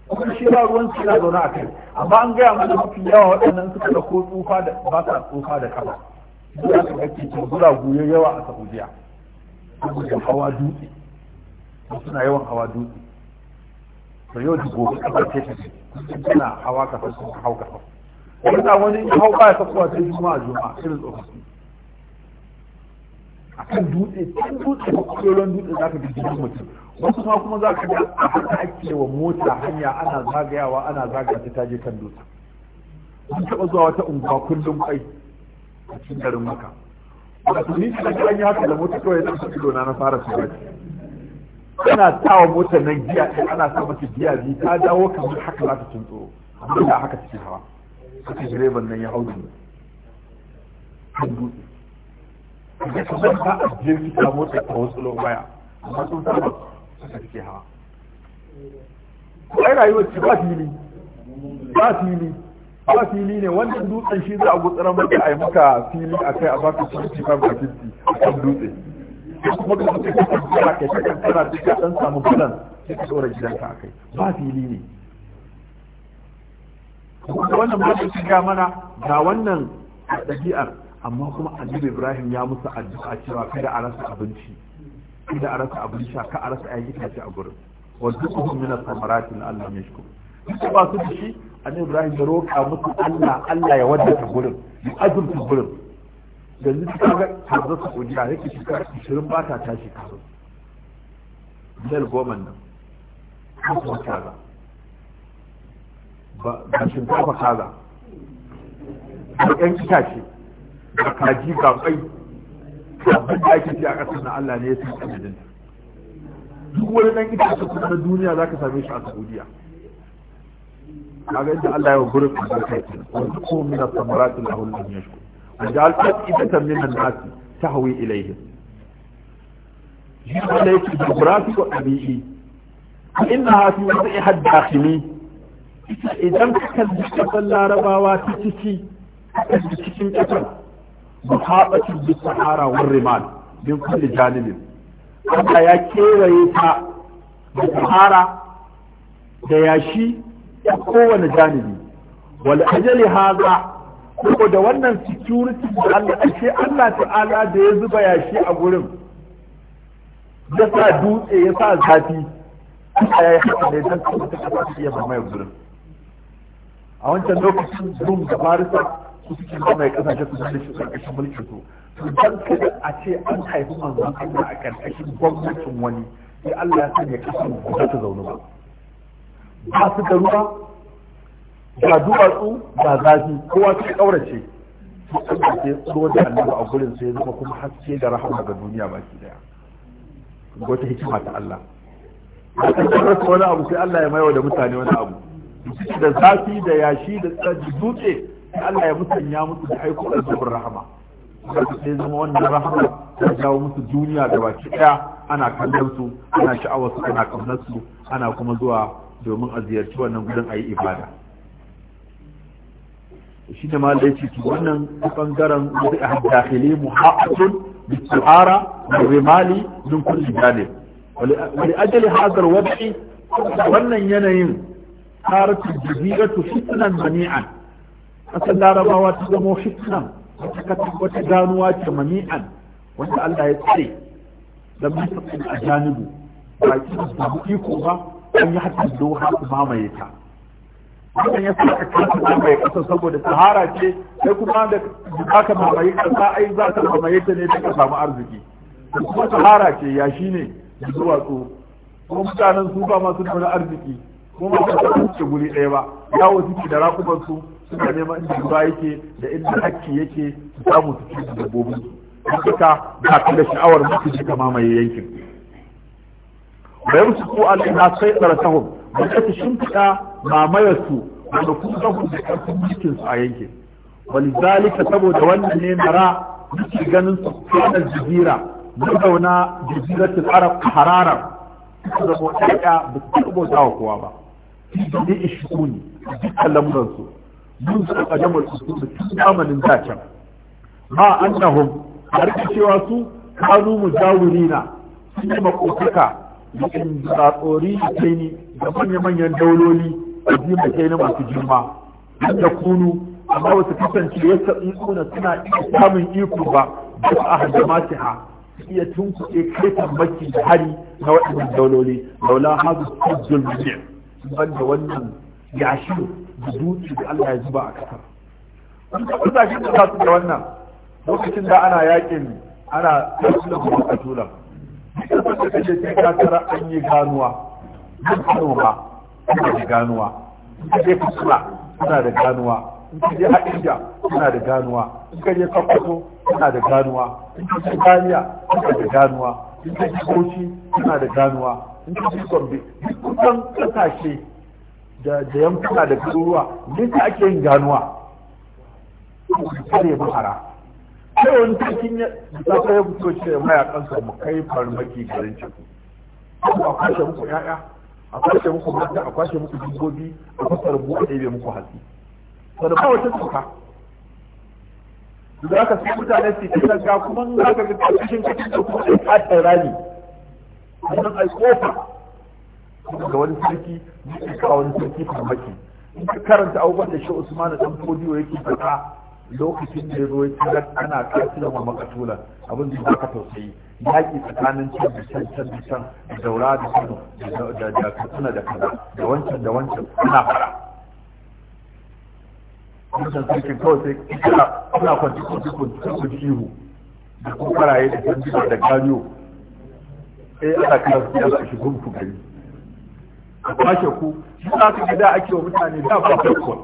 kuma shi ba ruwan su yana zaune a kai amma an gaya mana mafi yawa waɗannan suka da ko tsufa da ba sa tsufa da kaba zuwa su ga cikin zura guye yawa a saudiya saboda hawa dutse suna yawan hawa dutse to yau da gobe kasar ce ta tana hawa kasar sun hau kasar wani na wani in hau ba ya sakuwa ta juma'a juma'a irin tsofaffi a kan dutse can dutse ko kolon dutse za ka bi jikin mutum wasu ma kuma za ka ga a haka ake wa mota hanya ana zagayawa ana zagaya ta je kan dutse sun taɓa zuwa wata unguwa kullum kai a cikin garin maka Wata ni shi da an yi haka da mota kawai nan su na na fara su ba ana tawa motar nan giya ɗin ana sa mata giya bi ta dawo kamar haka za ta tuntso amma da haka cikin hawa haka direban nan ya hau da kan dutse ya kamar ba a jirgin ta motar ta wasu lokaci amma sun saba ƙasar ke hawa ko ai rayuwar ce ba fili ba fili ba fili ne wanda dutsen shi za a gutsara maka a yi maka fili a kai a baka fifty five by fifty a kan dutse kuma ka suke kan kara kai ta kan kara duk ka dan samu bulan sai ka ɗora gidanka a kai ba fili ne wannan ba su shiga mana ga wannan ɗabi'ar amma kuma annabi ibrahim ya musu addu'a cewa kada a rasa abinci da a rasa abin sha ka a rasa ayi itace a gurin wanda kuma min al-samaratin Allah mishku duk ba su dishi annabi Ibrahim da roƙa musu Allah Allah ya wadata gurin ya azurta gurin yanzu ta ga hazza Saudiya yake shekara 20 ba ta tashi kafin dal goma nan kuma kaza ba ga shinkafa kaza da ƴan itace da kaji ga kai abin da ake ci a ƙasar na Allah ne ya san adadin duk wani ɗan itace kuma na duniya za ka same shi a Saudiya kaga inda Allah ya wa gurin albarka ce wanda ko min as-samarat shi, lam yashku wanda al-fa'idatan min an-nas tahwi ilayhi yana da yake geographic wa tabi'i fa innaha fi wadi'iha ad-dakhili idan ka kalli kasar larabawa ta ciki cikin kasar muhabatin bi sahara war rimal min kulli janibin Allah ya kewaye ta da sahara da yashi ta kowane janibi wal ajali haza ko da wannan security da Allah ashe Allah ta'ala da ya zuba yashi a gurin ya sa dutse ya sa zafi Allah ya yi haka ne don kuma ta kasa iya mamaye gurin a wancan lokacin rum da farisa su suke mamaye kasashe su zane shi ƙarƙashin mulkin su to don kada a ce an haifi manzon Allah a karkashin gwamnatin wani sai Allah ya sanya kasar ba ta zaune ba ba su da ruwa Ba duwatsu ba zafi kowa sai ƙaurace. to Allah sai tsoro da annabi a gurin sai ya zama kuma haske da rahama ga duniya baki daya wata hikima ta Allah a cikin rasa wani abu sai Allah ya maiwa da mutane wani abu da zafi da yashi da dutse Allah ya musanya musu da aiko aljabin rahama suka sai zama wannan rahama ta jawo musu duniya da baki daya ana kallon su ana sha'awar su ana kaunar su ana kuma zuwa domin a ziyarci wannan gudun a yi ibada shi da malai ce ki wannan bangaren zai a dakile mu haƙatun bi tsuhara da rimali min kulli jalib wali ajali hazar wada'i wannan yanayin Saratu jaziratu fitnan mani'an kasar larabawa ta zamo fitna wata ganuwa ce mami'an wanda Allah ya tsare da mutakin a janibu ba ki da iko ba an yi hatta wuhar su mamaye ta wannan ya sa ka kasa mai ƙasa saboda sahara ce sai kuma da aka mamaye ƙasa ai za ka mamaye ta ne ta samu arziki kuma sahara ce ya shi ne zuwa tsoro kuma mutanen su ba masu da arziki kuma ba su ce guri ɗaya ba yawo suke da rakuban su suna neman inda ruwa yake da inda hakki yake su samu su ci da dabbobin su haka ba ta da sha'awar mutu ji ka mamaye yankin Ba bayan su ko na sai tsaratahum ba ta shimfiɗa mamayar su wanda kuma zahun da ƙarfin mulkin su a yankin zalika saboda wannan ne mara muke ganin su kana jizira mazauna jiziratul arab hararar su zama ɗaya ba su taɓa kowa ba ni ishuni dukkan lamuransu mun su kadamar usul tun zamanin da can ma annahum har da cewa su kanu mujawirina sun yi makokaka da indiratsori da ni da manya-manyan dauloli a ji kai na masu girma da kunu amma wasu kasance ya sa'ikuna suna iya samun iko ba da a haddamati ha iya tunkuɗe kai tambaki da hari na waɗannan dauloli laula hazu sujjul mutum ban da wannan yashi da dutse da Allah ya zuba a kasar an taɓa zafi da su da wannan lokacin da ana yakin ana tattulan kuma a tura. duka sun da kashe ta ka an yi ganuwa an kano ba suna da ganuwa in ka je fitila suna da ganuwa in ka je haɗinja suna da ganuwa in ka je kwakwato suna da ganuwa in ka je kariya suna da ganuwa in ka je koci suna da ganuwa in ka je gombe duk kusan ƙasashe da yankuna da garuruwa duka ake yin ganuwa kare mahara sai wani cikin ya zafa ya fito ce ya maya kansa mu kai farmaki garin ciki a kwashe muku ya'ya a kwashe muku mata a kwashe muku dubobi a kwasar buwa ɗaya muku hatsi wanda ba wata tsoka da aka sai mutane su yi ga kuma in ka ga kashin kashin da kuma sai ta rani wannan ai kofa ga wani sarki ka wani sarki farmaki in ka karanta abubuwan da shi usman da dan podiyo yake faɗa lokacin da ya zo da ana da wa makatula abin da baka tausayi yaki tsakanin can da can can da can da daura da kano da da suna da kaza da wancan da wancan ana fara wancan sarkin kawai sai kira kuna kwanci kwanci kwanci ihu da faraye da canji da gariyo eh ana kira su yana shi gumfu gari a kwashe ku shi za ka gida ake wa mutane da ba bakwai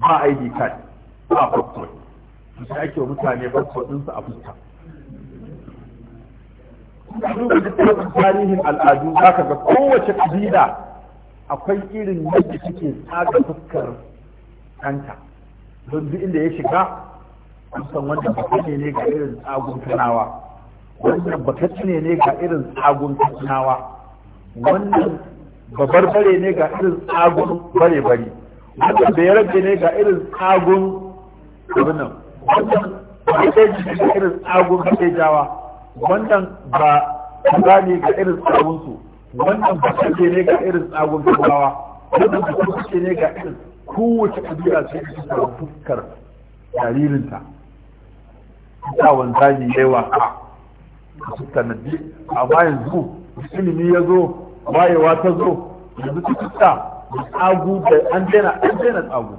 ba id card ba bakwai sai ake wa mutane bakwai ɗinsu a fuska duba da tarihin al'adu za ka ga kowace ƙabila akwai irin yadda suke tsaga fuskar kanta don duk inda ya shiga kusan wanda ka ne ga irin tsagun kanawa wannan bakacce ne ga irin tsagun kanawa wannan babar bare ne ga irin tsagun bare bare wanda bai rage ne ga irin tsagun abin nan wannan ba ga irin tsagun jawa. wannan ba kaza ne ga irin tsagun su wannan ba kace ne ga irin tsagun turawa wanda ba kace ne ga irin kowace kabila sai ta samu fuskar jaririnta ta wanzani yawa a fuskar nan amma yanzu ilimi ya zo wayewa ta zo yanzu cututtuka da tsagu da an daina an daina tsagu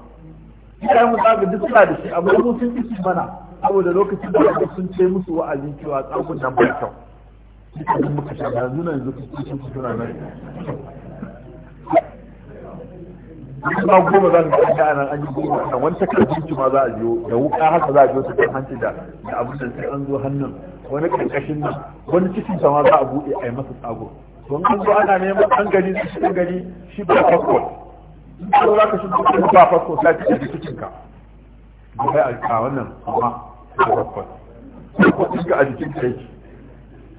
ita mu tsagu duk suna da shi amma mu sun kici mana saboda lokacin da aka sun ce musu wa'azi cewa tsagun nan ba kyau duka mun muka shaga yanzu nan yanzu kusurcin su suna nan ba goma za ka ga a nan an yi goma a wani takardunci ma za a biyo da wuka haka za a biyo su kan hanci da abin da sai an zo hannun wani karkashin nan wani cikin ma za a buɗe a yi masa tsago don an zo ana neman an gani su shi gani shi ba fakko in ka zo zaka shigo cikin ba fakko sai ka shiga cikin ka bai alka wannan amma ba fakko ko cikin a jikin ka yake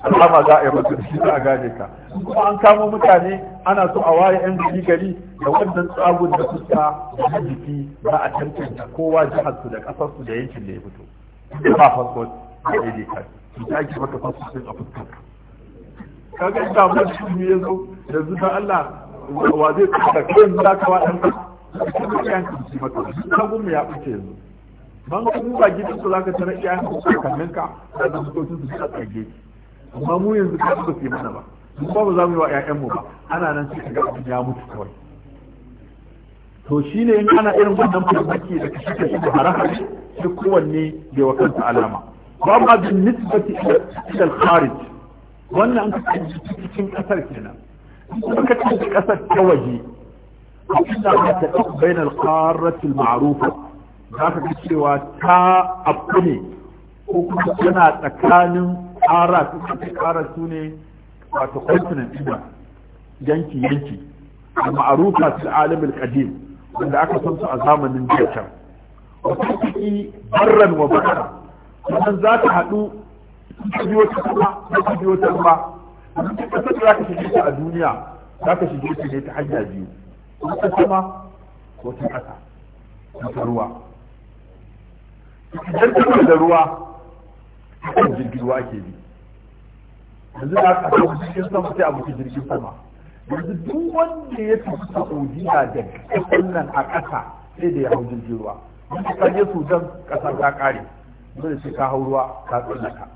alama za a yi masa shi za a gane ka kuma an kamo mutane ana so a waye yan gari gari da wannan tsagun da fuska da jiki za a tantance kowa jihar su da kasar su da yankin da ya fito ba fakko da ya dai ka ita ake maka fasosin a fuskar ka kaga ina ba shi ne yazo yanzu dan Allah wa zai tsaka kai za ka wa dan kuma kan ki maka kago mu ya fice yanzu ban ka duba gidan su zaka tare iya kakannin ka da mutocin su suka tsage amma mu yanzu ka ba su mana ba mu ba za mu yi wa ƴaƴan mu ba ana nan sai ga abin ya mutu kawai to shine in ana irin wannan farmaki da kashi kashi da harahari sai kowanne bai wa kansa alama ba ma bin nisbati ila al-kharij wannan an cikin ƙasar kenan kuma ka kasance ƙasar ta waje inda ba ta bainar ƙarratul ma'arufa za ka cewa ta abu ne ko kuma yana tsakanin ƙara su ƙara su ne wato kontinent ɗin yanki yanki a maarufa su alamil qadim wanda aka san su a zamanin jiya can wata barran wa bakara sannan za ta haɗu ka biyo ta kuma za ka biyo ta kuma abin da kasar za ka shige ta a duniya za ka shige ta ne ta hanya biyu ko ta sama ko ta ƙasa ko ta ruwa idan ta da ruwa kan jirgin ruwa ke bi yanzu za aka kawo jirgin sama sai abu jirgin sama yanzu duk wanda ya tafi saudiya da kasan nan a ƙasa sai da ya hau jirgin ruwa wanda kan ya sudan ƙasa ta ƙare dole sai ka hau ruwa ka tsallaka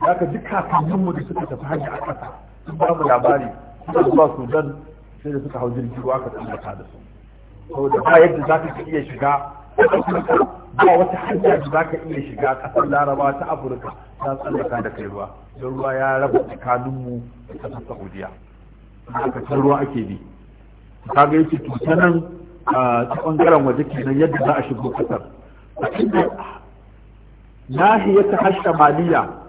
haka duk mu da suka tafi hajji a ƙasa sun ba mu labari suna zuwa sudan sai da suka hau jirgi ruwa ka tsallaka da su saboda ba yadda za ka iya shiga afirka ba wata hanya da za ka iya shiga ƙasar laraba ta afirka ta tsallaka da kai ruwa don ruwa ya raba tsakaninmu da ƙasar saudiya haka can ruwa ake bi ka ga yake to nan ta ɓangaren waje kenan yadda za a shigo ƙasar a cikin nahiyar ta maliya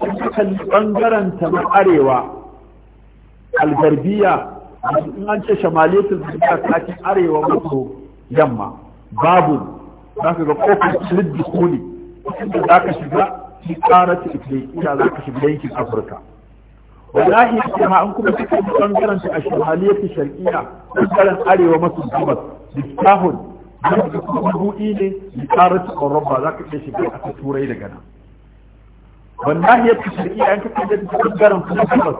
in ka kalli bangaren ta na arewa algarbiya in an ce shamaliyatul garbiya ta arewa maso yamma babu za ka ga kofar slid dukuli inda za ka shiga shi karatu ifriqiya za ka shiga yankin afirka wallahi yake ma an kuma cikin bangaren ta a shamaliyatul sharqiyya bangaren arewa maso gabas distahun da kuma buɗi ne ƙarar karatu ƙwararra za ka iya shiga a turai daga nan wannan ya fi shirki an kace da bangaren kuma tabbas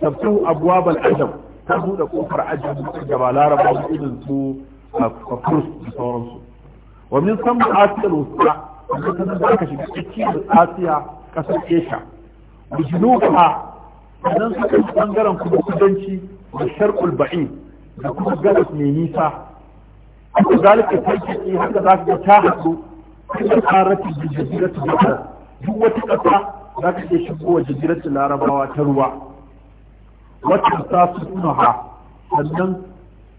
tafsiru abwabal ajab ta buɗe kofar ajab da ba laraba irin su kafurus da sauransu wa min san asiyar wusa da ta da aka shiga cikin asiya kasar asia bijinuka sannan suka yi bangaren kuma kudanci da sharkul ba'i da kuma gabas mai nisa haka zalika haka za ta haɗu kuma tsarafin da ta duk wata ƙasa za ka iya shigo wa jigiratun larabawa ta ruwa wata ta su tunaha sannan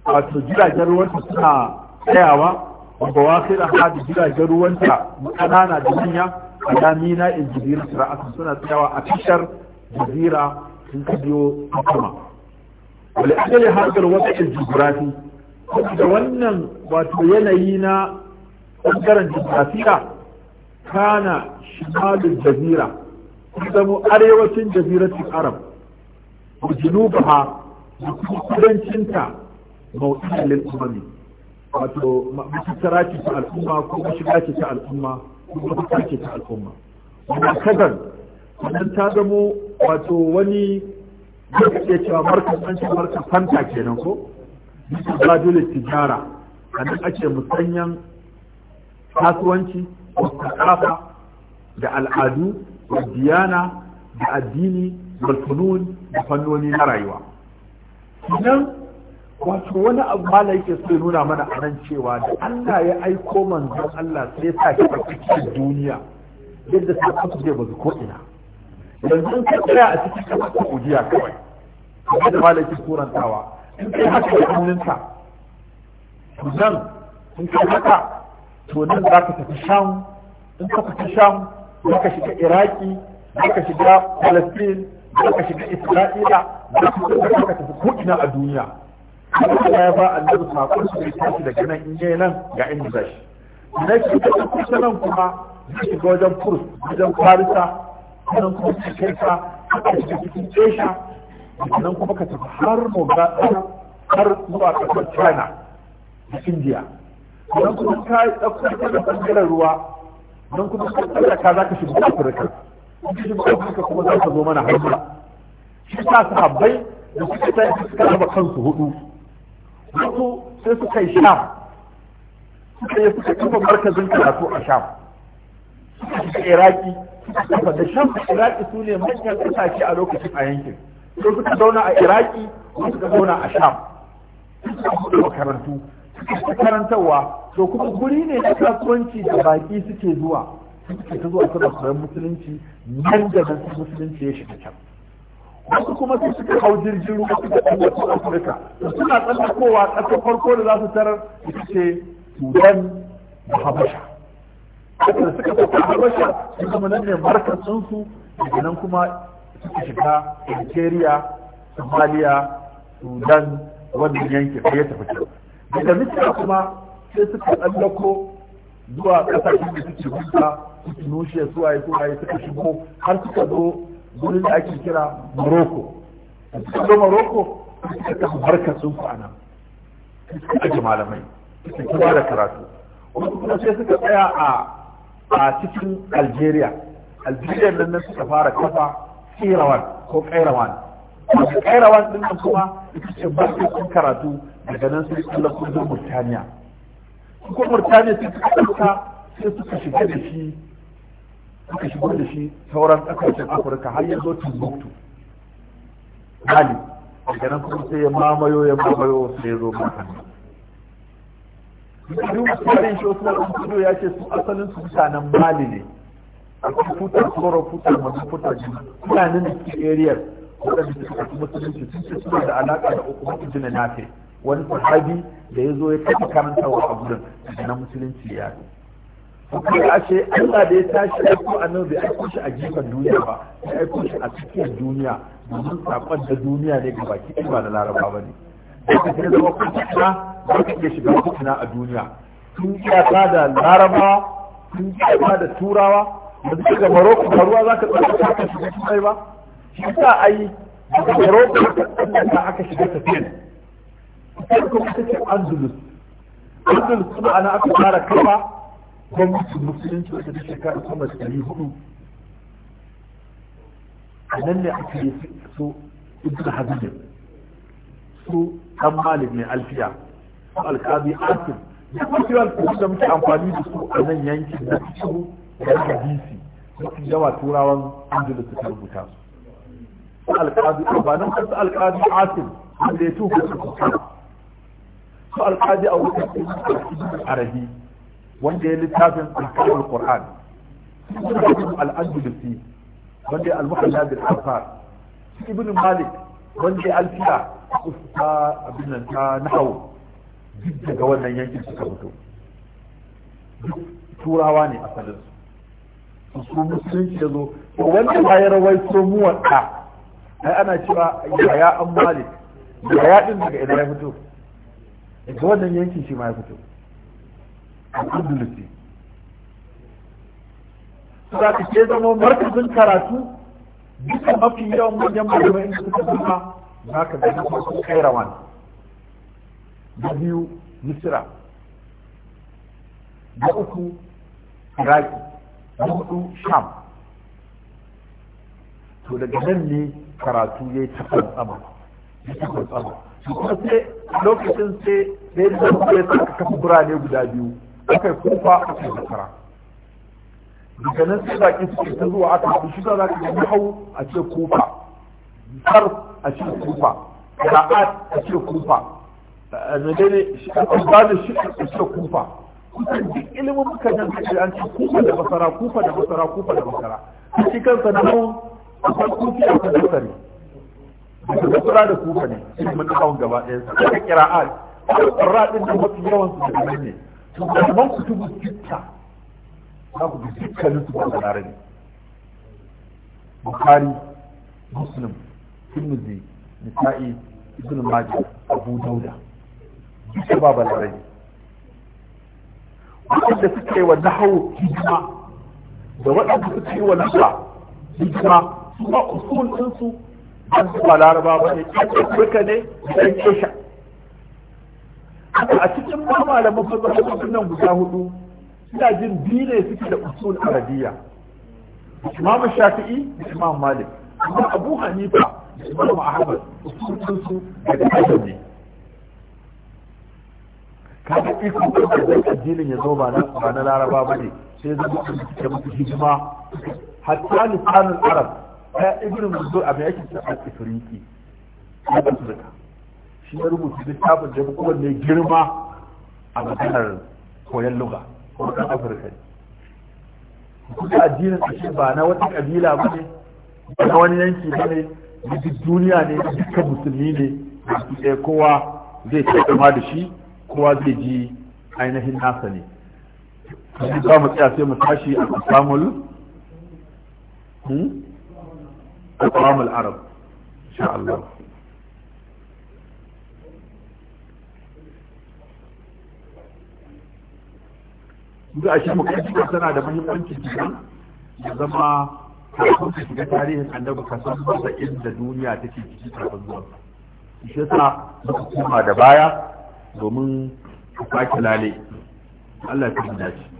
wato jiragen ruwanta suna tsayawa wanda sai da hada jiragen ruwanta ƙanana da manya a damina in jigirar ra'asun suna tsayawa a tashar jazira sun ta biyo sama wale ajali harkar wata jigirafi da wannan wato yanayi na ɓangaren jigirafiya kana shimalin jazira zamo arewacin jaziratul arab wa junubaha da kuma kudancinta mawdu'in lil umami wato matattara ce ta al'umma ko mashiga ce ta al'umma ko mafita ce ta al'umma wanda kadar wannan ta zamo wato wani zai iya cewa markan an ce markan fanta kenan ko bisa badulin tijara a nan ake musanyan kasuwanci da da al'adu wa diyana da addini da funun da fannoni na rayuwa nan wato wani abu mala yake so nuna mana a nan cewa da Allah ya aiko manzon Allah sai sa a cikin duniya yadda sakon zai bazu ko ina yanzu in tsaya a cikin kasar Saudiya kawai kamar da mala kurantawa in kai haka da hannunka to nan in kai haka to nan za ka tafi sham in ka fita sham zaka shiga iraki zaka shiga palestine zaka shiga isra'ila zaka ka tafi ko'ina a duniya kuma ya ba annabi sakon su ne tashi daga nan in yayi nan ga inda zai na shi da kusa nan kuma zai shiga wajen furs wajen farisa nan kuma ka kai ka ka shiga cikin asia nan kuma ka tafi har mogada har zuwa kasar china da india nan kuma ka ɗaukar da bangaren ruwa don kuma kan tsallaka za ka shiga afirka in ka shiga afirka kuma za ka zo mana hanya shi sa Habbai da suka ta suka raba kansu hudu wasu sai suka yi sham suka yi suka kafa markazin karatu a sham suka shiga iraki suka kafa da sham da iraki su ne manyan kasashe a lokacin a yankin sai suka zauna a iraki wasu suka zauna a sham suka hudu makarantu karantarwa to kuma guri ne na kasuwanci da baki suke zuwa ta zuwa suna koyon musulunci nan da nan musulunci ya shiga can wasu kuma su suka hau jirgin ruwa su ga ɗan wasu afirka suna tsallakowa ƙasar farko da za su tarar ita ce sudan da habasha da suka fita habasha su zama nan ne markasinsu daga nan kuma suka shiga nigeria somalia sudan wannan yankin ya tafi daga misra kuma sai suka tsallako zuwa kasashen da suke hulɗa su tunushe su waye suka shigo har suka zo gurin da ake kira morocco da suka zo morocco suka ta barka sun ku anan suka aje malamai suka ba da karatu wasu kuma sai suka tsaya a a cikin algeria algeria nan nan suka fara kafa kairawan ko kairawan kairawan din nan kuma ita ce sun karatu daga nan sai Allah kun zo Murtaniya ko Murtaniya sai suka ɗauka sai suka shiga da shi suka shigo da shi sauran ƙasashen Afirka har ya zo Timbuktu Mali daga nan kuma sai ya mamayo ya mamayo sai ya zo Murtaniya duk tsarin shi wasu ya ce su asalin su mutanen Mali ne akwai futar tsoro futar mazu futar jini nan da ke ariyar waɗanda suka fi musulunci sun ce suna da alaƙa da hukumar jini nafe wani sahabi da ya zo ya taɓa wa a daga na musulunci ya yi kuma ashe Allah da ya tashi aiko a nan bai aiko shi a jifan duniya ba ya aiko shi a cikin duniya domin saƙon da duniya ne ga baki ɗaya ba da laraba ba ne daga sai zama kuma ba ka iya shiga kuma a duniya tun iyaka da laraba tun iyaka da turawa yanzu daga maroko ba ruwa za ka tsaka ka shiga kuma ba shi sa ai daga maroko ka tsaka ka shiga tafiyan sai kuma ta ce andalus andalus kuma ana aka fara kafa gwamnatin musulunci wata ta shekara sama da ɗari hudu a nan ne aka yi so ibn habibin su ɗan malik mai alfiya su alkazi asim duk material kuma da muke amfani da su a nan yankin na cikin da hadisi mafi yawa turawan andalus ta rubuta su alkazi abanin kansu alkazi asim wanda ya tuka su su alƙaji a wurin arabi wanda ya littafin alƙalin qur'an al-andalusi wanda ya al-muhalla bil afar ibn malik wanda ya alfiya ta abin nan ta nahawu duk daga wannan yankin suka fito duk turawa ne asalin su su musulunci ya zo wanda ya ba ya rawaito muwaɗa ai ana cewa yaya an malik yaya din daga idan ya fito daga wannan yankin shi ma ya fito al'adulusi su za ka ce zama markazin karatu duka mafi yawan manyan malamai inda suka zama za ka zama kwasan kairawan na biyu misira na uku iraki na hudu sham to daga nan ne karatu ya yi tafiya amurka da takwas tsaro su kuma sai lokacin sai sai da zama ya saka kafa birane guda biyu aka yi kofa aka yi zakara daga nan sai baki ke tazo a aka su shi za ka ga hau a ce kofa sar a ce kofa da a ce kofa eh, na dare shi a shi a ce kofa kusan duk ilimin muka nan kaji an ce kufa da masara kufa da masara kufa da masara shi kansa na hau a farko fiye da masari da basra da kufa ne sun mun kawun gaba ɗaya su da qira'a qira'a ɗin da mafi yawan su da ne to kuma kutubu sitta za ku bi dukkanin su da larabi Bukari muslim tirmidhi nisa'i ibn majah abu dauda duka ba balarabi waɗanda suka yi wa nahawu hijima da waɗanda suka yi wa nasa hijima su ba usul ɗinsu an ba laraba ba ne an afirka ne dan kesha a cikin ma malaman fasahohin nan guda hudu ina jin biyu ne suke da usul arabiya imam shafi'i da imam malik amma abu hanifa da imam ahmad usulun su daga adam ne kaga ikon da zai addinin ya zo ba na ba na laraba ba ne sai zama suke musu hijima hatta lisanul arab ya ibn muzo a mai ake a ifiriki na shi ya rubuta littafin da kuma ne girma a maganar koyon luga ko kan afirka ne kuma addinin shi ba na wata kabila ba ne ba na wani yanki ba ne na duniya ne dukkan musulmi ne masu ɗaya kowa zai tattama da shi kowa zai ji ainihin nasa ne za mu tsaya sai mu tashi a samun أقوام العرب إن شاء الله ga ashe tana da muhimmanci cikin ya zama kafin ka shiga tarihin annabi ka san masa inda duniya take ciki kafin zuwa shi yasa muka koma da baya domin ka sake lale Allah ya kuma dace